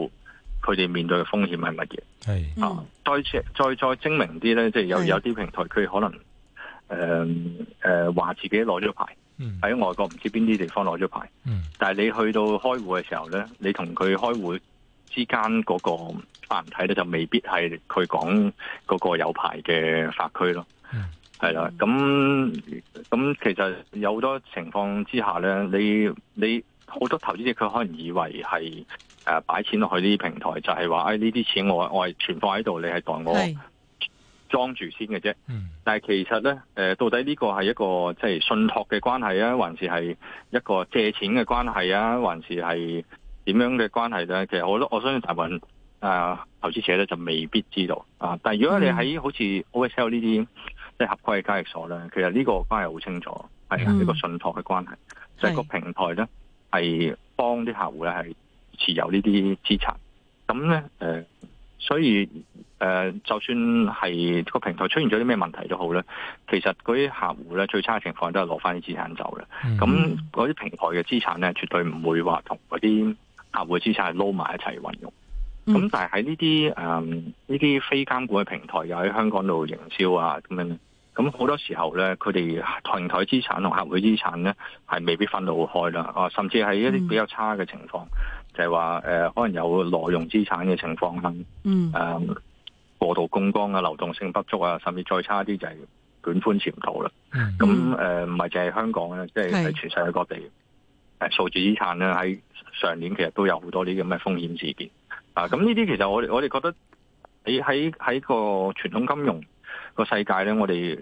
佢哋面對嘅風險係乜嘢。係是啊，嗯、再再再精明啲咧，即、就、係、是、有有啲平台佢是可能誒誒話自己攞咗牌，喺、嗯、外國唔知邊啲地方攞咗牌。嗯、但係你去到開戶嘅時候咧，你同佢開戶之間嗰個法唔睇咧，就未必係佢講嗰個有牌嘅法區咯。嗯。係啦，咁咁其實有好多情況之下咧，你你好多投資者佢可能以為係誒擺錢落去呢啲平台，就係話誒呢啲錢我我係存放喺度，你係代我裝住先嘅啫。的但係其實咧誒、呃，到底呢個係一個即係、就是、信託嘅關係啊，還是係一個借錢嘅關係啊，還是係點樣嘅關係咧？其實我都我相信大部分誒、啊、投資者咧就未必知道啊。但係如果你喺、嗯、好似 OSL 呢啲，即係合規嘅交易所咧，其實呢個關係好清楚，係啊，呢個信託嘅關係，嗯、就係個平台咧係是幫啲客戶咧係持有呢啲資產，咁咧誒，所以誒、呃，就算係個平台出現咗啲咩問題都好咧，其實嗰啲客戶咧最差嘅情況都係攞翻啲資產走嘅，咁嗰啲平台嘅資產咧絕對唔會話同嗰啲客戶嘅資產係撈埋一齊運用。咁、嗯、但係喺呢啲誒呢啲非監管嘅平台又喺香港度營銷啊咁樣，咁好多時候咧，佢哋平台資產同客戶資產咧，係未必分得好開啦。啊，甚至係一啲比較差嘅情況，嗯、就係話誒可能有挪用資產嘅情況啦。嗯誒，嗯過度供光，光啊，流動性不足啊，甚至再差啲就係捲款潛逃啦。咁誒唔係淨係香港咧，即、就、係、是、全世界各地是、啊、數字資產咧，喺上年其實都有好多啲咁嘅風險事件。啊，咁呢啲其實我哋我哋覺得你，喺喺喺個傳統金融個世界咧，我哋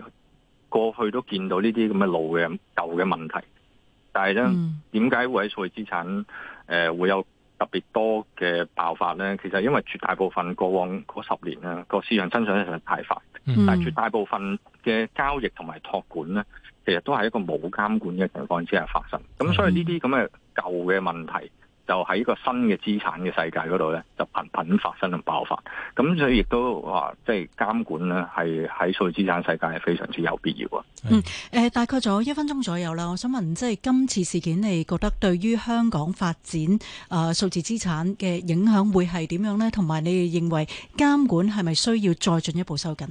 過去都見到呢啲咁嘅老嘅舊嘅問題，但係咧點解會喺數字資產誒、呃、會有特別多嘅爆發咧？其實因為絕大部分過往嗰十年啊個市場增長咧實在太快，嗯、但係絕大部分嘅交易同埋託管咧，其實都係一個冇監管嘅情況之下發生，咁所以呢啲咁嘅舊嘅問題。就喺一個新嘅資產嘅世界嗰度咧，就頻頻發生同爆發，咁所以亦都話即係監管咧，係喺數字資產世界係非常之有必要啊。是嗯，誒、呃，大概咗一分鐘左右啦。我想問，即係今次事件，你覺得對於香港發展誒、呃、數字資產嘅影響會係點樣咧？同埋，你哋認為監管係咪需要再進一步收緊？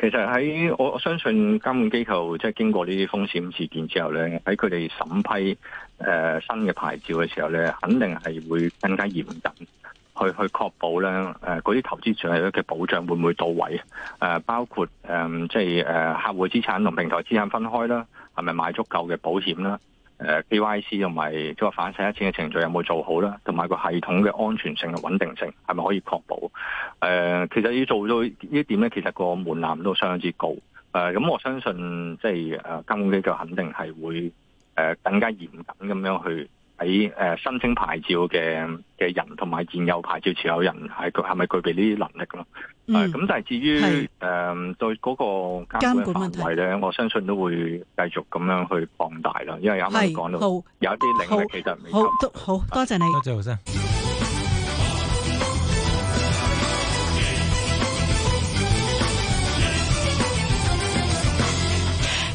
其實喺我我相信監管機構即係經過呢啲風險事件之後咧，喺佢哋審批。誒、呃，新嘅牌照嘅時候咧，肯定係會更加嚴謹，去去確保咧，誒、呃，嗰啲投資者嘅保障會唔會到位？誒、呃，包括誒，即係誒，客戶資產同平台資產分開啦，係咪買足夠嘅保險啦？誒，KYC 同埋即係反洗黑錢嘅程序有冇做好咧？同埋個系統嘅安全性、穩定性係咪可以確保？誒、呃，其實要做到這一點呢點咧，其實個門檻都相當之高。誒、呃，咁我相信即係誒，監管機構肯定係會。誒、呃，更加嚴謹咁樣去喺誒、呃、申請牌照嘅嘅人，同埋現有牌照持有人係佢係咪具備呢啲能力咯？咁、嗯呃、但係至於誒是、呃、對嗰個監管範圍咧，我相信都會繼續咁樣去放大喇。因為啱啱你講到有啲領域其實未好都好，好多謝你。多謝老師。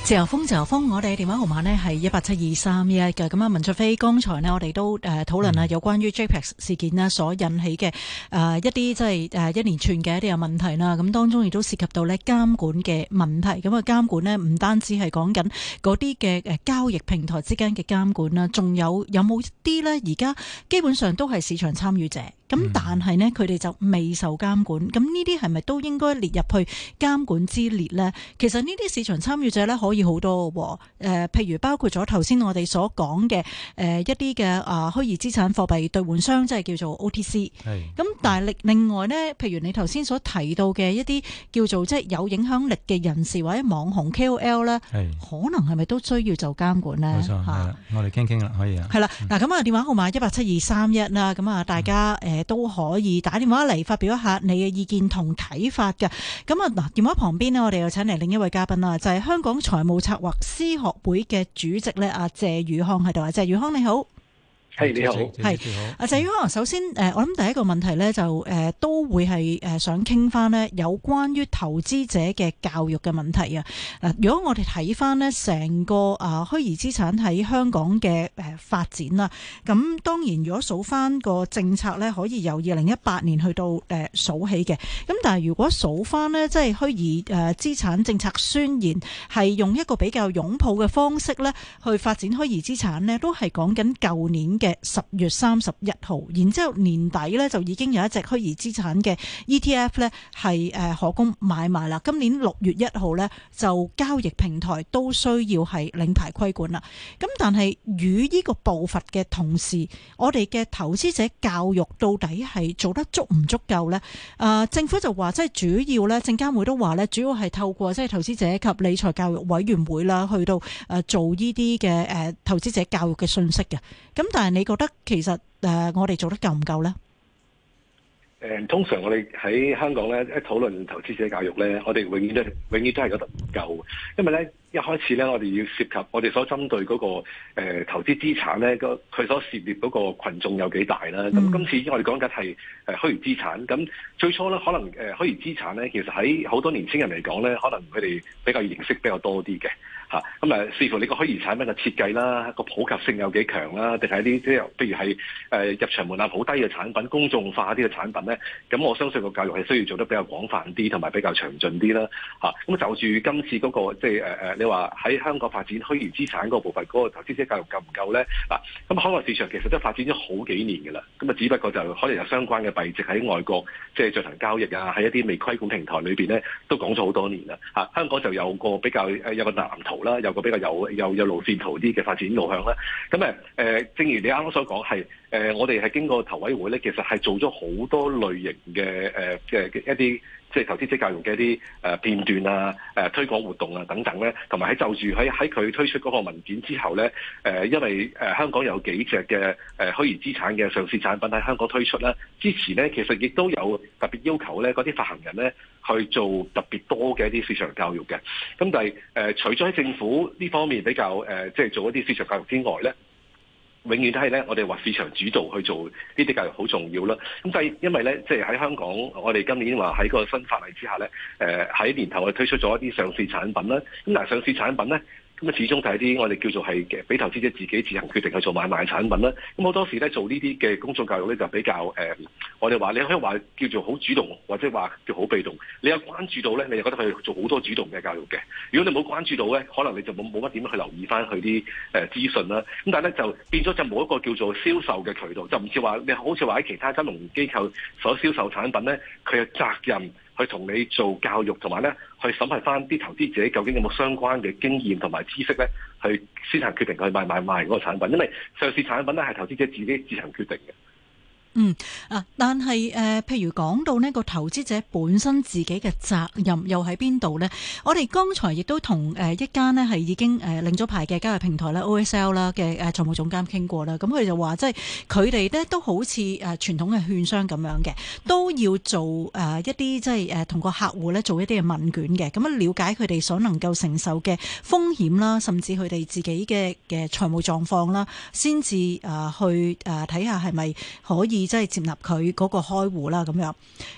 自由風，自由風，我哋嘅電話號碼呢係一八七二三一一嘅。咁啊，文卓飛剛才呢，我哋都誒討論啦，有關於 JPEX 事件啦，所引起嘅誒、嗯呃、一啲即係誒一連串嘅一啲嘅問題啦。咁當中亦都涉及到呢監管嘅問題。咁啊，監管呢，唔單止係講緊嗰啲嘅誒交易平台之間嘅監管啦，仲有有冇啲呢？而家基本上都係市場參與者。咁、嗯、但係呢，佢哋就未受監管。咁呢啲係咪都應該列入去監管之列呢？其實呢啲市場參與者咧，可以好多喎，哦呃。譬如包括咗頭先我哋所講嘅誒一啲嘅啊虛擬資產貨幣兌換商，即係叫做 OTC 是。咁但係另另外呢，譬如你頭先所提到嘅一啲叫做即係有影響力嘅人士或者網紅 KOL 咧是，可能係咪都需要做監管呢？冇錯錯，啊、我哋傾傾啦，可以啦、嗯、啊。係啦，嗱咁啊電話號碼一八七二三一啦，咁啊大家、嗯都可以打電話嚟發表一下你嘅意見同睇法嘅。咁啊，嗱，電話旁邊呢，我哋又請嚟另一位嘉賓啦，就係香港財務策劃師學會嘅主席咧，阿謝汝康喺度啊，謝汝康你好。係是是你好，係啊。至於可能首先誒，我諗第一個問題咧，就誒、呃、都會係誒想傾翻咧，有關於投資者嘅教育嘅問題啊。嗱，如果我哋睇翻咧成個啊虛擬資產喺香港嘅誒發展啦，咁當然如果數翻個政策咧，可以由二零一八年去到誒數起嘅。咁但係如果數翻咧，即係虛擬誒資產政策宣言係用一個比較擁抱嘅方式咧，去發展虛擬資產咧，都係講緊舊年嘅。十月三十一號，然之後年底咧，就已經有一隻虛擬資產嘅 ETF 咧係誒可供買賣啦。今年六月一號咧，就交易平台都需要係領牌規管啦。咁但係與呢個步伐嘅同時，我哋嘅投資者教育到底係做得足唔足夠呢？啊、呃，政府就話即係主要咧，證監會都話咧，主要係透過即係投資者及理財教育委員會啦，去到誒做呢啲嘅誒投資者教育嘅信息嘅。咁但係你你覺得其實誒，我哋做得夠唔夠咧？誒，通常我哋喺香港咧一討論投資者教育咧，我哋永，永遠都永遠都係覺得唔夠。因為咧一開始咧，我哋要涉及我哋所針對嗰、那個誒、呃、投資資產咧，個佢所涉獵嗰個群眾有幾大啦。咁今、嗯、次我哋講緊係誒虛擬資產，咁最初咧可能誒虛擬資產咧，其實喺好多年輕人嚟講咧，可能佢哋比較認識比較多啲嘅。嚇，咁誒、啊、視乎你個虛擬產品嘅設計啦，那個普及性有幾強啦、啊，定係啲即係譬如係誒、呃、入場門檻好低嘅產品、公眾化啲嘅產品咧，咁我相信個教育係需要做得比較廣泛啲，同埋比較詳盡啲啦。嚇、啊，咁就住今次嗰、那個即係誒誒，你話喺香港發展虛擬資產嗰部分嗰、那個投資者教育夠唔夠咧？嗱、啊，咁海外市場其實都發展咗好幾年嘅啦，咁啊只不過就可能有相關嘅幣值喺外國即係進行交易啊，喺一啲未規管平台裏邊咧都講咗好多年啦。嚇、啊，香港就有個比較誒有個藍圖，啦，有個比較有有有路線圖啲嘅發展路向啦。咁誒誒，正如你啱啱所講，係誒、呃、我哋係經過投委會咧，其實係做咗好多類型嘅誒嘅一啲即係投資者教育嘅一啲誒片段啊、誒、啊、推廣活動啊等等咧，同埋喺就住喺喺佢推出嗰個文件之後咧，誒、呃、因為誒香港有幾隻嘅誒虛擬資產嘅上市產品喺香港推出啦，之前咧其實亦都有特別要求咧，嗰啲發行人咧。去做特別多嘅一啲市場教育嘅，咁但係、呃、除咗喺政府呢方面比較即係、呃即係、做一啲市場教育之外咧，永遠都係咧，我哋話市場主導去做呢啲教育好重要啦。咁但係因為咧，即係喺香港，我哋今年話喺個新法例之下咧，喺、呃、年頭去推出咗一啲上市產品啦。咁但係上市產品咧。咁啊，始終係一啲我哋叫做係俾投資者自己自行決定去做買賣產品啦。咁好多時咧做呢啲嘅公眾教育咧就比較誒、呃，我哋話你可以話叫做好主動，或者話叫好被動。你有關注到咧，你就覺得佢做好多主動嘅教育嘅。如果你冇關注到咧，可能你就冇冇乜點去留意翻佢啲誒資訊啦。咁但係咧就變咗就冇一個叫做銷售嘅渠道，就唔似話你好似話喺其他金融機構所銷售產品咧，佢嘅責任。去同你做教育，同埋咧去審核翻啲投資者究竟有冇相關嘅經驗同埋知識咧，去先行決定佢買買買嗰個產品，因為上市產品咧係投資者自己自行決定嘅。嗯啊，但係誒、呃，譬如講到咧個投資者本身自己嘅責任又喺邊度咧？我哋剛才亦都同誒一間咧係已經誒領咗牌嘅交易平台咧 OSL 啦嘅誒財務總監傾過啦，咁佢就話即係佢哋咧都好似誒傳統嘅券商咁樣嘅，都要做誒一啲即係誒同個客戶咧做一啲嘅問卷嘅，咁樣了解佢哋所能夠承受嘅風險啦，甚至佢哋自己嘅嘅財務狀況啦，先至誒去誒睇下係咪可以。而即係接納佢嗰個開戶啦，咁樣。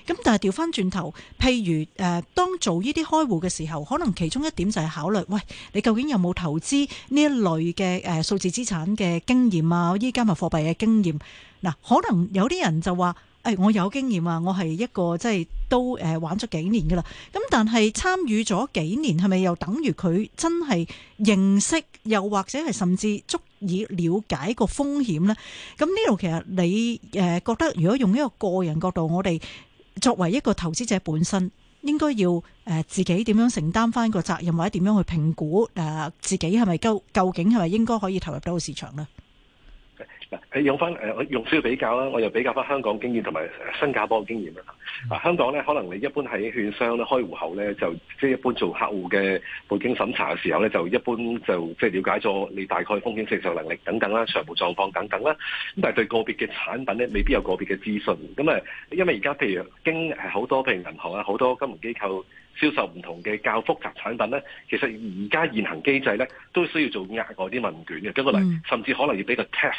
咁但係調翻轉頭，譬如誒，當做呢啲開戶嘅時候，可能其中一點就係考慮，喂，你究竟有冇投資呢一類嘅誒數字資產嘅經驗啊？依家咪貨幣嘅經驗。嗱，可能有啲人就話。誒、哎，我有經驗啊，我係一個即係都玩咗幾年㗎喇。咁但係參與咗幾年，係咪又等於佢真係認識，又或者係甚至足以了解個風險呢？咁呢度其實你誒覺得，如果用一個個人角度，我哋作為一個投資者本身，應該要誒自己點樣承擔返個責任，或者點樣去評估誒自己係咪究究竟係咪應該可以投入到個市場呢？用翻誒我用少比較啦，我又比較翻香港經驗同埋新加坡嘅經驗啦。嗱、啊，香港咧可能你一般喺券商咧開戶口咧就即係一般做客戶嘅背景審查嘅時候咧就一般就即係瞭解咗你大概風險承受能力等等啦、財務狀況等等啦。咁但係對個別嘅產品咧未必有個別嘅資訊。咁啊，因為而家譬如經好多譬如銀行啊、好多金融機構。銷售唔同嘅較複雜產品咧，其實而家現行機制咧都需要做額外啲問卷嘅，咁可能甚至可能要俾個 test，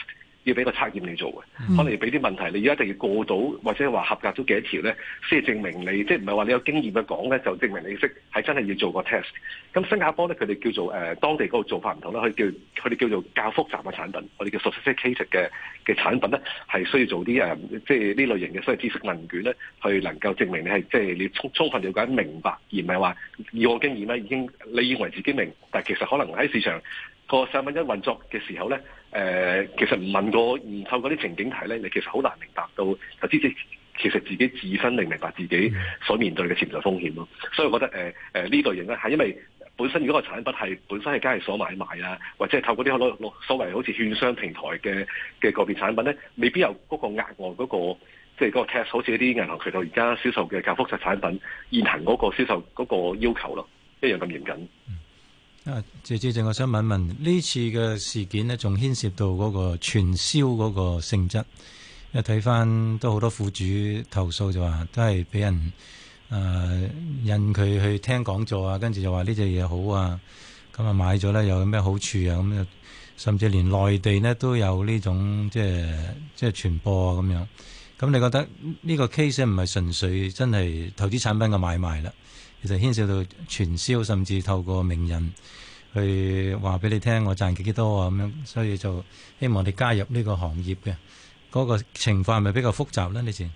要俾個測驗你做嘅，可能要俾啲問題你，而家一定要過到或者話合格咗幾多條咧，先係證明你，即係唔係話你有經驗嘅講咧就證明你識，係真係要做個 test。咁新加坡咧佢哋叫做誒、呃、當地嗰個做法唔同啦，佢叫佢哋叫做較複雜嘅產品，我哋叫 sophisticated 嘅嘅產品咧，係需要做啲誒、呃、即係呢類型嘅所謂知識問卷咧，去能夠證明你係即係你充充分了解明白。而唔係話以我經驗咧，已經你認為自己明，但其實可能喺市場個產品一運作嘅時候咧，誒、呃、其實唔問過唔透過啲情景睇咧，你其實好難明白到就知知其實自己自身明唔明白自己所面對嘅潛在風險咯。所以我覺得誒誒呢類型咧係因為本身如果個產品係本身係交易所買賣啊，或者係透過啲攞攞所謂好似券商平台嘅嘅個別產品咧，未必有嗰個額外嗰、嗰個。即係個 test，好似啲銀行渠道而家銷售嘅較複雜產品，現行嗰個銷售嗰個要求咯，一樣咁嚴謹。嗯、啊，謝小姐，我想問問呢次嘅事件呢，仲牽涉到嗰個傳銷嗰個性質。一睇返都好多苦主投訴就話，都係俾人誒、啊、引佢去聽講座啊，跟住就話呢隻嘢好啊，咁啊買咗咧又有咩好處啊？咁啊，甚至連內地呢，都有呢種即係即係傳播啊，咁樣。咁你覺得呢個 case 唔係純粹真係投資產品嘅買賣啦，其實牽涉到傳銷，甚至透過名人去話俾你聽，我賺幾多啊咁樣，所以就希望你加入呢個行業嘅嗰個情況，係咪比較複雜呢？你先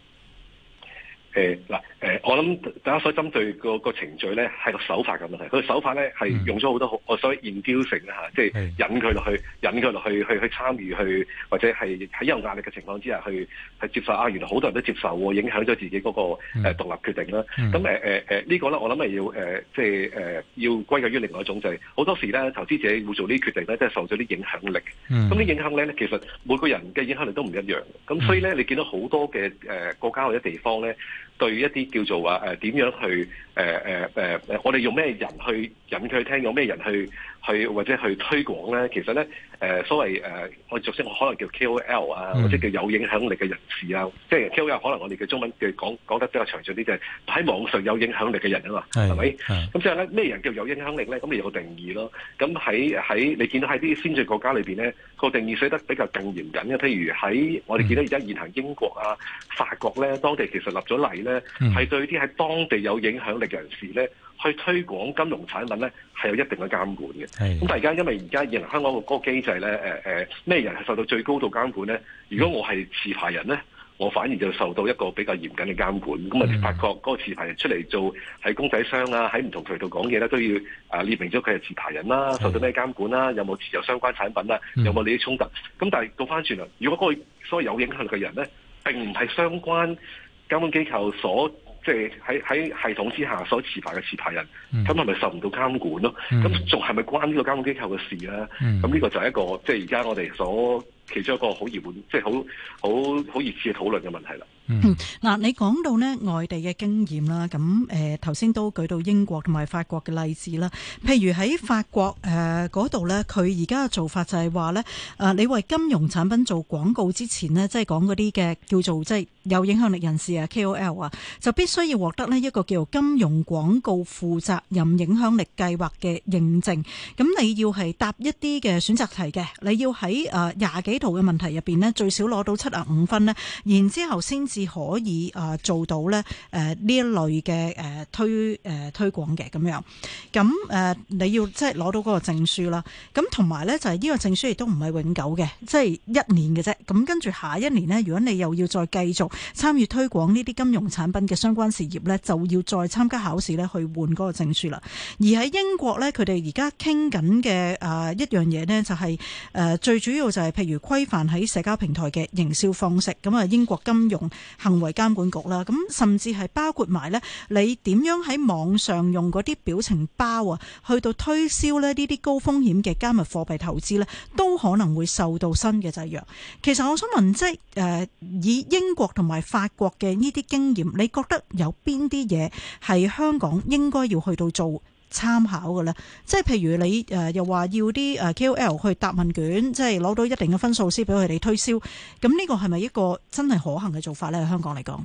誒嗱。呃、我諗大家所針對個、這個程序咧，係個手法嘅問題。佢手法咧係用咗好多好，我、嗯、所謂研究性即係引佢落去，引佢落去，去去參與，去，去或者係喺有壓力嘅情況之下去，去去接受啊。原來好多人都接受，影響咗自己嗰、那個誒獨、呃、立決定啦。咁、嗯呃呃這個、呢個咧我諗係要即係、呃就是呃、要歸咎於另外一種，就係、是、好多時咧，投資者會做呢啲決定咧，即、就、係、是、受咗啲影響力。咁啲、嗯、影響咧，其實每個人嘅影響力都唔一樣。咁所以咧，你見到好多嘅誒、呃、國家或者地方咧。對一啲叫做話誒點樣去誒誒誒我哋用咩人去引佢聽，用咩人去去或者去推廣咧？其實咧誒、呃、所謂誒，我俗稱我可能叫 KOL 啊，嗯、或者叫有影響力嘅人士啊，即係 KOL 可能我哋嘅中文嘅講講得比較詳細啲，就係、是、喺網上有影響力嘅人啊嘛，係咪是？咁之後咧咩人叫有影響力咧？咁你有個定義咯。咁喺喺你見到喺啲先進國家裏邊咧，個定義寫得比較更嚴謹嘅。譬如喺我哋見到而家現行英國啊、法國咧，當地其實立咗例。咧係、嗯、對啲喺當地有影響力人士咧，去推廣金融產品咧，係有一定嘅監管嘅。咁大家因為而家現行香港個嗰個機制咧，誒、呃、誒，咩人係受到最高度監管咧？如果我係持牌人咧，我反而就受到一個比較嚴謹嘅監管。咁啊、嗯，你發覺嗰個持牌人出嚟做喺公仔商啊，喺唔同渠道講嘢咧，都要誒、呃、列明咗佢係持牌人啦、啊，的受到咩監管啦、啊，有冇持有相關產品啦、啊，有冇啲衝突？咁、嗯、但係倒翻轉啦，如果嗰個所謂有影響力嘅人咧，並唔係相關。監管機構所即係喺喺系統之下所持牌嘅持牌人，咁係咪受唔到監管咯？咁仲係咪關呢個監管機構嘅事咧？咁呢、嗯、個就係一個即係而家我哋所。其中一個好熱門，即係好好好熱切討論嘅問題啦。嗯，嗱，你講到咧外地嘅經驗啦，咁誒頭先都舉到英國同埋法國嘅例子啦。譬如喺法國誒嗰度咧，佢而家嘅做法就係話咧，誒你為金融產品做廣告之前咧，即係講嗰啲嘅叫做即係有影響力人士啊 KOL 啊，OL, 就必須要獲得咧一個叫做金融廣告負責任影響力計劃嘅認證，咁你要係答一啲嘅選擇題嘅，你要喺誒廿幾。呢套嘅問題入邊呢，最少攞到七啊五分呢，然之後先至可以啊做到咧，誒呢一類嘅誒推誒推廣嘅咁樣，咁誒你要即係攞到嗰個證書啦，咁同埋呢，就係呢個證書亦都唔係永久嘅，即係一年嘅啫。咁跟住下一年呢，如果你又要再繼續參與推廣呢啲金融產品嘅相關事業呢，就要再參加考試呢去換嗰個證書啦。而喺英國呢，佢哋而家傾緊嘅誒一樣嘢呢，就係誒最主要就係譬如。規範喺社交平台嘅營銷方式，咁啊英國金融行為監管局啦，咁甚至係包括埋咧，你點樣喺網上用嗰啲表情包啊，去到推銷咧呢啲高風險嘅加密貨幣投資咧，都可能會受到新嘅制約。其實我想問，即係誒以英國同埋法國嘅呢啲經驗，你覺得有邊啲嘢係香港應該要去到做？參考嘅咧，即係譬如你誒又話要啲誒 KOL 去答問卷，即係攞到一定嘅分數先俾佢哋推銷，咁呢個係咪一個真係可行嘅做法咧？香港嚟講，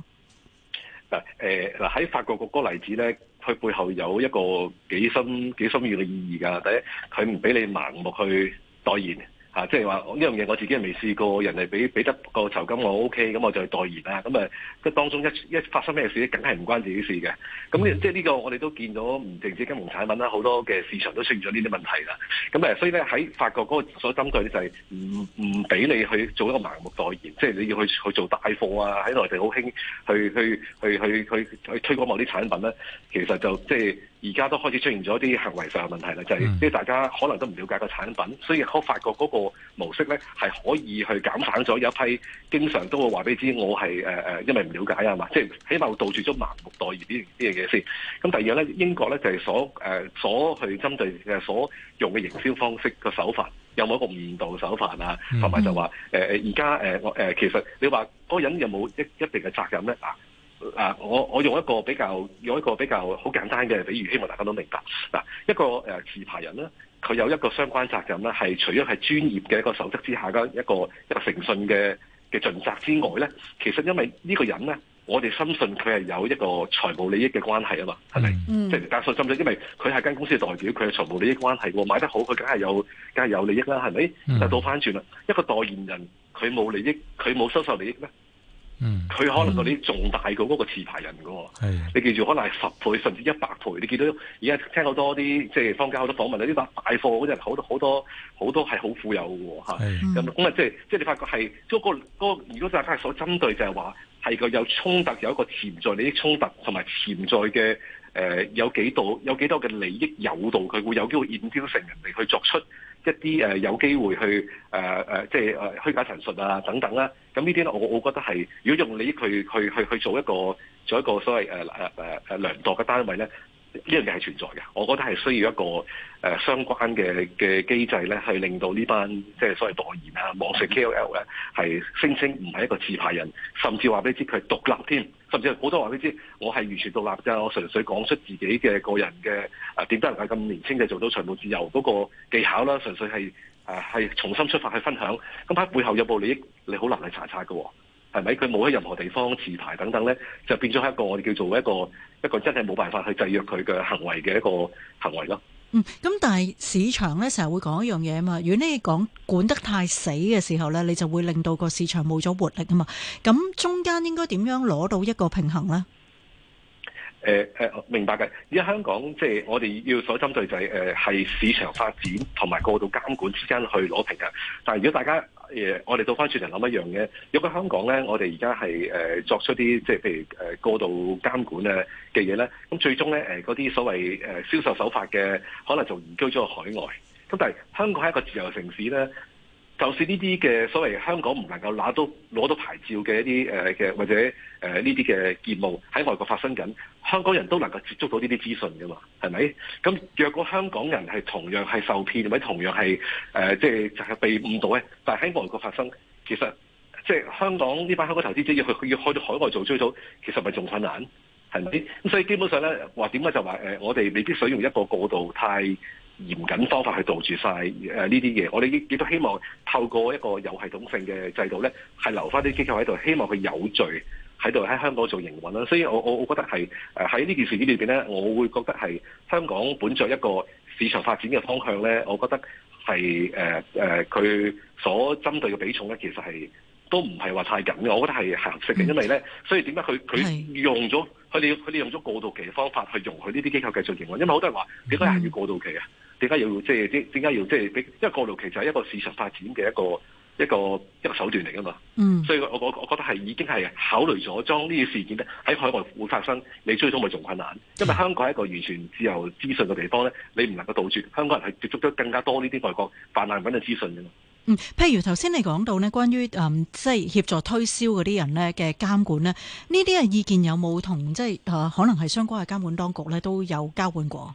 嗱誒嗱喺法國個個例子咧，佢背後有一個幾深幾深意嘅意義㗎。第一，佢唔俾你盲目去代言。啊，即係話呢樣嘢我自己係未試過，人哋俾俾得個酬金我 OK，咁我就去代言啦。咁誒，即係當中一一發生咩事，梗係唔關自己事嘅。咁即係呢個我哋都見到唔淨止金融產品啦，好多嘅市場都出現咗呢啲問題啦。咁誒，所以咧喺法國嗰個所針對就係唔唔俾你去做一個盲目代言，即係你要去去做帶貨啊，喺內地好興去去去去去去推廣某啲產品咧，其實就即係，就是而家都開始出現咗啲行為上嘅問題啦，就係即係大家可能都唔了解個產品，所以可發覺嗰個模式咧係可以去減省咗有一批經常都會話俾你知，我係誒誒，因為唔了解啊嘛，即係起碼會杜絕咗盲目代言呢啲嘢嘅先。咁第二樣咧，英國咧就係、是、所誒、呃、所去針對嘅所用嘅營銷方式嘅手法有冇一個誤導手法啊？同埋、嗯、哼就話誒誒，而家誒我誒其實你話嗰個人有冇一一定嘅責任咧？嗱。啊！我我用一個比較用一個比較好簡單嘅比喻，希望大家都明白。嗱、啊，一個誒持牌人咧，佢有一個相關責任咧，係除咗係專業嘅一個守則之下嘅一個一個誠信嘅嘅盡責之外咧，其實因為呢個人咧，我哋深信佢係有一個財務利益嘅關係啊嘛，係咪？嗯。即係帶上信心因為佢係間公司嘅代表，佢係財務利益關係喎，買得好佢梗係有梗係有利益啦，係咪？嗯、就但倒翻轉啦，一個代言人佢冇利益，佢冇收受利益咩？嗯，佢、嗯、可能嗰啲仲大過嗰個持牌人嘅喎，的你記住，可能係十倍甚至一百倍，你見到而家聽好多啲即係坊間好多訪問啊，啲大貨嗰啲人好多好多好多係好富有嘅喎嚇，咁啊即係即係你發覺係嗰個嗰個，如果大家係所針對就係話。係個有衝突，有一個潛在利益衝突，利益衝突同埋潛在嘅誒、呃，有幾多有幾多嘅利益誘導，佢會有機會引標成人嚟去作出一啲誒、呃、有機會去誒誒，即係誒虛假陳述啊等等啦、啊。咁呢啲咧，我我覺得係，如果用利益去去去，去做一個做一個所謂誒誒誒誒量度嘅單位咧。呢樣嘢係存在嘅，我覺得係需要一個誒、呃、相關嘅嘅機制咧，係令到呢班即係所謂代言啊、網上 KOL 咧、啊、係聲稱唔係一個自拍人，甚至話俾你知佢獨立添，甚至好多話俾你知我係完全獨立嘅，我純粹講出自己嘅個人嘅啊點解能夠咁年輕嘅做到財務自由嗰個技巧啦，純粹係啊係重新出發去分享，咁喺背後有冇利益，你好難去查察喎、哦。係咪佢冇喺任何地方自排等等呢？就變咗係一個我哋叫做一個一個,一個真係冇辦法去制約佢嘅行為嘅一個行為咯。嗯，咁但係市場呢，成日會講一樣嘢啊嘛，如果你講管得太死嘅時候呢，你就會令到個市場冇咗活力啊嘛。咁中間應該點樣攞到一個平衡呢？誒、呃、明白嘅。而家香港即係、就是、我哋要所針對就係、是、誒，呃、是市場發展同埋過度監管之間去攞平衡。但如果大家、呃、我哋到翻轉頭諗一樣嘅，如果香港咧，我哋而家係誒作出啲即係譬如誒過度監管嘅嘅嘢咧，咁最終咧，嗰啲所謂誒銷售手法嘅，可能就移居咗海外。咁但係香港係一個自由城市咧。就算呢啲嘅所謂香港唔能夠拿到攞到牌照嘅一啲誒嘅或者誒呢啲嘅業務喺外國發生緊，香港人都能夠接觸到呢啲資訊噶嘛？係咪？咁若果香港人係同樣係受騙，或者同樣係誒即係就係、是、被誤導咧，但係喺外國發生，其實即係、就是、香港呢班香港投資者要去要去到海外做追討，其實咪仲困難？係咪？咁所以基本上咧，話點解就話誒、呃，我哋未必想用一個過度太。嚴謹方法去杜絕晒誒呢啲嘢，我哋亦都希望透過一個有系統性嘅制度咧，係留翻啲機構喺度，希望佢有序喺度喺香港做營運啦、啊。所以我我我覺得係誒喺呢件事件裏面咧，我會覺得係香港本着一個市場發展嘅方向咧，我覺得係誒誒佢所針對嘅比重咧，其實係都唔係話太緊嘅，我覺得係合適嘅，因為咧，所以點解佢佢用咗佢哋佢哋用咗過渡期嘅方法去容許呢啲機構繼續營運，因為好多人話話幾多人要過渡期啊。點解要即係點？點解要即係俾？因為過渡期就係一個市場發展嘅一個一個一個手段嚟噶嘛。嗯，所以我我覺得係已經係考慮咗，將呢啲事件咧喺海外會發生，你追蹤咪仲困難。因為香港係一個完全自由資訊嘅地方咧，你唔能夠杜絕香港人係接觸咗更加多呢啲外國犯難品嘅資訊嘅嘛。嗯，譬如頭先你講到咧，關於嗯即係協助推銷嗰啲人咧嘅監管咧，呢啲嘅意見有冇同即係可能係相關嘅監管當局咧都有交換過。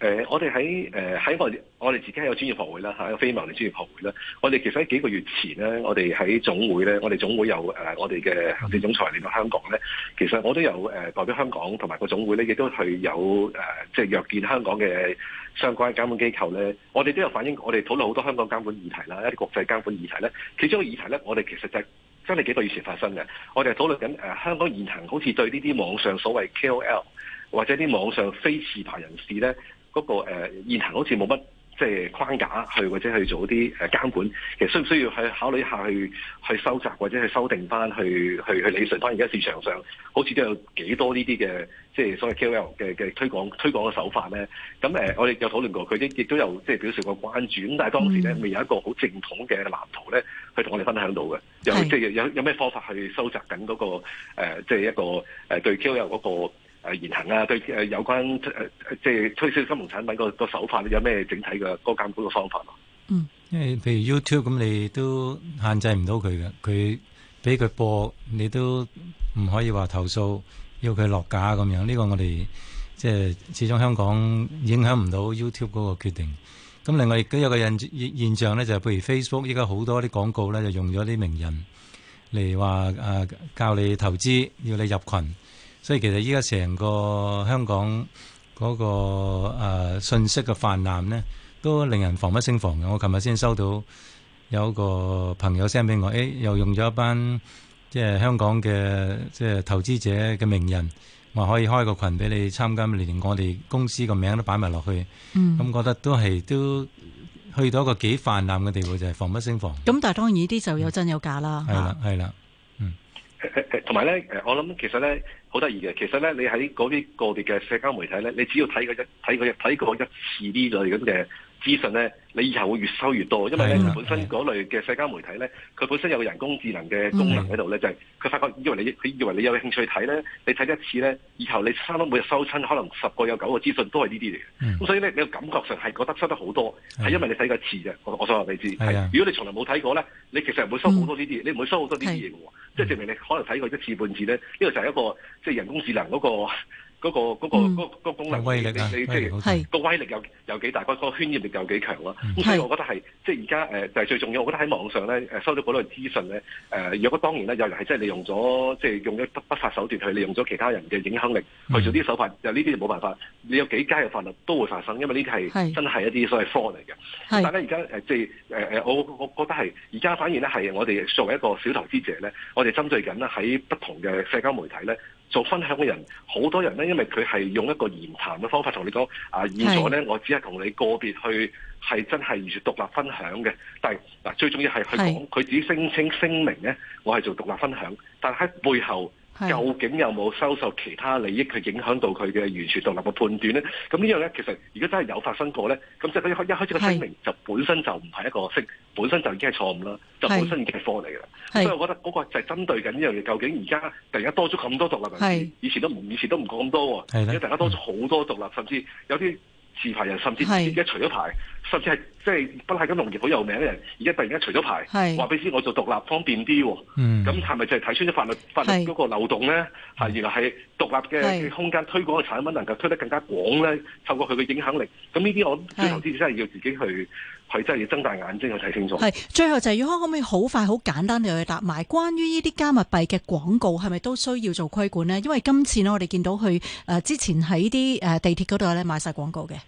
誒、呃，我哋喺誒喺我我哋自己係有專業學會啦嚇，有非牟利嘅專業學會啦。我哋其實喺幾個月前咧，我哋喺總會咧，我哋總會有誒、呃、我哋嘅行政總裁嚟到香港咧。其實我都有誒、呃、代表香港同埋個總會咧，亦都去有誒即係約見香港嘅相關監管機構咧。我哋都有反映，我哋討論好多香港監管議題啦，一啲國際監管議題咧。其中個議題咧，我哋其實就係真係幾個月前發生嘅。我哋討論緊誒、呃、香港現行好似對呢啲網上所謂 KOL 或者啲網上非持牌人士咧。嗰個誒現行好似冇乜即係框架去或者去做啲誒監管，其實需唔需要去考慮一下去去收集或者去修訂翻去去去理順？當然而家市場上好似都有幾多呢啲嘅即係所謂 KOL 嘅嘅推廣推廣嘅手法咧。咁誒，我哋有討論過，佢亦亦都有即係表示過關注。咁但係當時咧未、mm. 有一個好正統嘅藍圖咧，去同我哋分享到嘅，是即有即係有有咩方法去收集緊、那、嗰個、呃、即係一個誒對 KOL 嗰、那個。誒言行啊，對誒有關誒即係推銷金融產品個個手法咧，有咩整體嘅嗰個監管嘅方法咯？嗯，因為譬如 YouTube 咁，你都限制唔到佢嘅，佢俾佢播，你都唔可以話投訴，要佢落架咁樣。呢個我哋即係始終香港影響唔到 YouTube 嗰個決定。咁另外亦都有個現現象咧，就係譬如 Facebook 依家好多啲廣告咧，就用咗啲名人嚟話誒教你投資，要你入群。所以其實依家成個香港嗰、那個誒、啊、信息嘅泛濫咧，都令人防不勝防嘅。我琴日先收到有個朋友 send 俾我，誒、哎、又用咗一班即係香港嘅即係投資者嘅名人，話可以開個群俾你參加，連我哋公司個名都擺埋落去。咁、嗯、覺得都係都去到一個幾泛濫嘅地步，就係、是、防不勝防。咁、嗯、但係當然呢啲就有真有假啦。係啦，係啦。嗯，同埋咧，我諗其實咧。好得意嘅，其實咧，你喺嗰啲個別嘅社交媒體咧，你只要睇過一睇過一睇過一次呢類咁嘅資訊咧，你以後會越收越多，因為咧的本身嗰類嘅社交媒體咧，佢的本身有個人工智能嘅功能喺度咧，就係佢發覺以為你佢以為你有興趣睇咧，你睇一次咧，以後你差唔多每日收親，可能十個有九個資訊都係呢啲嚟嘅。咁的所以咧，你個感覺上係覺得收得好多，係的因為你睇過一次啫。我我想話你知，的的如果你從來冇睇過咧，你其實唔會收好多呢啲嘢，嗯、你唔會收好多呢啲嘢嘅喎。即係證明你可能睇過一次半次咧，呢個就係一個即係人工智能嗰個。嗰、那個嗰、那個嗰嗰、那個、功能，嗯、你威力你即係個威力有有幾大？嗰、那個圈業力有幾強咁、啊嗯、所以我覺得係即係而家誒就係、呃就是、最重要。我覺得喺網上咧收到好多資訊咧誒、呃。如果當然咧有人係真係利用咗即係用咗不不法手段去利用咗其他人嘅影響力去做啲手法，就呢啲就冇辦法。你有幾佳嘅法律都會發生，因為呢啲係真係一啲所謂科嚟嘅。是但係而家即係我我覺得係而家反而咧係我哋作為一個小投資者咧，我哋針對緊咧喺不同嘅社交媒體咧。做分享嘅人，好多人咧，因為佢係用一個言談嘅方法同你講，啊，現在咧，係，我只係同你個別去，係真係完全獨立分享嘅。但係嗱，最重要係去講，佢自己聲稱聲明咧，我係做獨立分享，但喺背後。究竟有冇收受其他利益去影響到佢嘅完全獨立嘅判斷咧？咁呢樣咧，其實如果真係有發生過咧。咁即係一開始個聲明的就本身就唔係一個識，本身就已經係錯誤啦，就本身嘅科嚟嘅。的所以我覺得嗰個就係針對緊呢樣嘢。究竟而家突然間多咗咁多獨立人士的，以前都唔以前都唔講咁多喎。突然的大家多咗好多獨立，的甚至有啲持牌人，甚至自己一除咗牌。甚至係即係不係咁農業好有名嘅人，而家突然間除咗牌，話俾你知我做獨立方便啲。咁係咪就係睇穿咗法律法律嗰個漏洞咧？嚇是，原來係獨立嘅空間，是推廣嘅產品能夠推得更加廣咧，透過佢嘅影響力。咁呢啲我做投資真係要自己去是去真係要睜大眼睛去睇清楚。係最後就係、是、可唔可以好快好簡單地去答埋關於呢啲加密幣嘅廣告係咪都需要做規管咧？因為今次我哋見到佢誒之前喺啲誒地鐵嗰度咧買晒廣告嘅。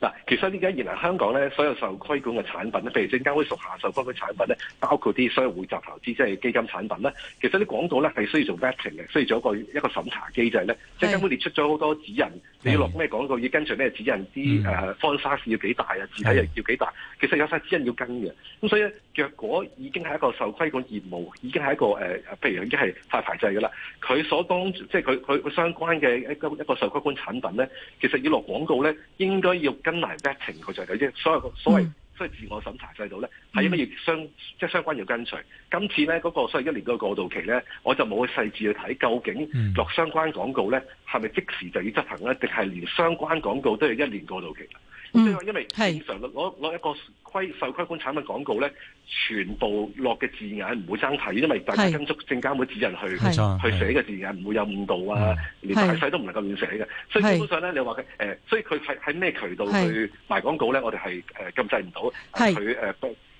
嗱，其實點解原來香港咧所有受規管嘅產品咧，譬如證監會屬下受規嘅產品咧，包括啲所有匯集投資，即係基金產品咧，其實啲廣告咧係需要做 vetting 嘅，需要咗個一個審查機制、就、咧、是，是即係根本列出咗好多指引，你要落咩廣告要跟隨咩指引，啲誒 fund size 要幾大啊，字體又要幾大，大是其實有晒指引要跟嘅，咁所以。若果已經係一個受規管業務，已經係一個誒，譬、呃、如已經係發牌制嘅啦，佢所當即係佢相關嘅一,一個受規管產品呢，其實要落廣告呢，應該要跟埋 Vetting，佢就係咁啫。所以個、嗯、所謂所謂自我審查制度呢，係因為要相即係相關要跟隨。今次呢，嗰、那個所謂一年嘅過渡期呢，我就冇去細緻去睇究竟落相關廣告呢，係咪即時就要執行呢？定係連相關廣告都要一年過渡期。即係話，因為通常攞攞一個規受規管產品廣告咧，全部落嘅字眼唔會爭睇，因為大家跟足證監會指引去，去寫嘅字眼唔會有誤導啊，連大細都唔能夠亂寫嘅。所以基本上咧，你話佢誒，所以佢喺喺咩渠道去賣廣告咧，我哋係誒禁制唔到，佢誒、呃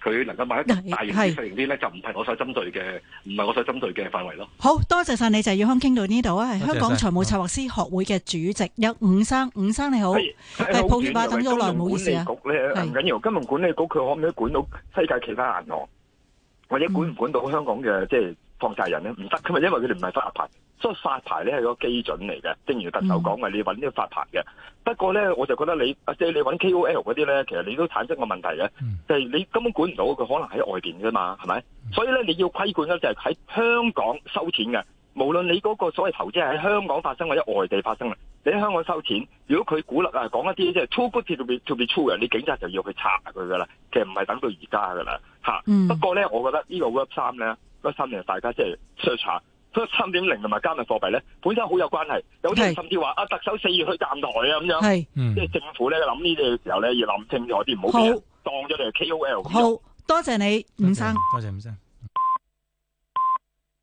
佢能夠買一大型啲、大型啲咧，就唔係我所針對嘅，唔係是我所針對嘅範圍咯。好多謝晒你，就係要傾到呢度啊！係香港財務策劃師學會嘅主席，有伍生，伍生你好。係抱歉等咗好耐唔好意思局咧，唔緊要。金融管理局佢是可唔可以管到世界其他銀行，是或者管唔管到香港嘅即係放債人咧？唔得噶嘛，因為佢哋唔係得亞所以發牌咧係個基準嚟嘅，正如特首講嘅，你揾呢個發牌嘅。嗯、不過咧，我就覺得你，即、就、係、是、你揾 KOL 嗰啲咧，其實你都產生個問題嘅，嗯、就係你根本管唔到，佢可能喺外邊啫嘛，係咪？嗯、所以咧，你要規管咧就係喺香港收錢嘅，無論你嗰個所謂投資係喺香港發生或者外地發生啦，你喺香港收錢。如果佢鼓勵啊講一啲即係、就是、too good to be true 嘅，你警察就要去查佢噶啦。其實唔係等到而家噶啦吓。不過咧，我覺得個呢個 Web 三咧 Web 三咧，大家即係 search。所以，三點零同埋加密貨幣咧，本身好有關係。有啲人甚至話啊，是特首四月去站台啊，咁是樣，是即係政府咧諗呢啲嘅時候咧，要諗清楚啲，唔好當咗你係 KOL。樣好多謝你，伍生。多謝伍生。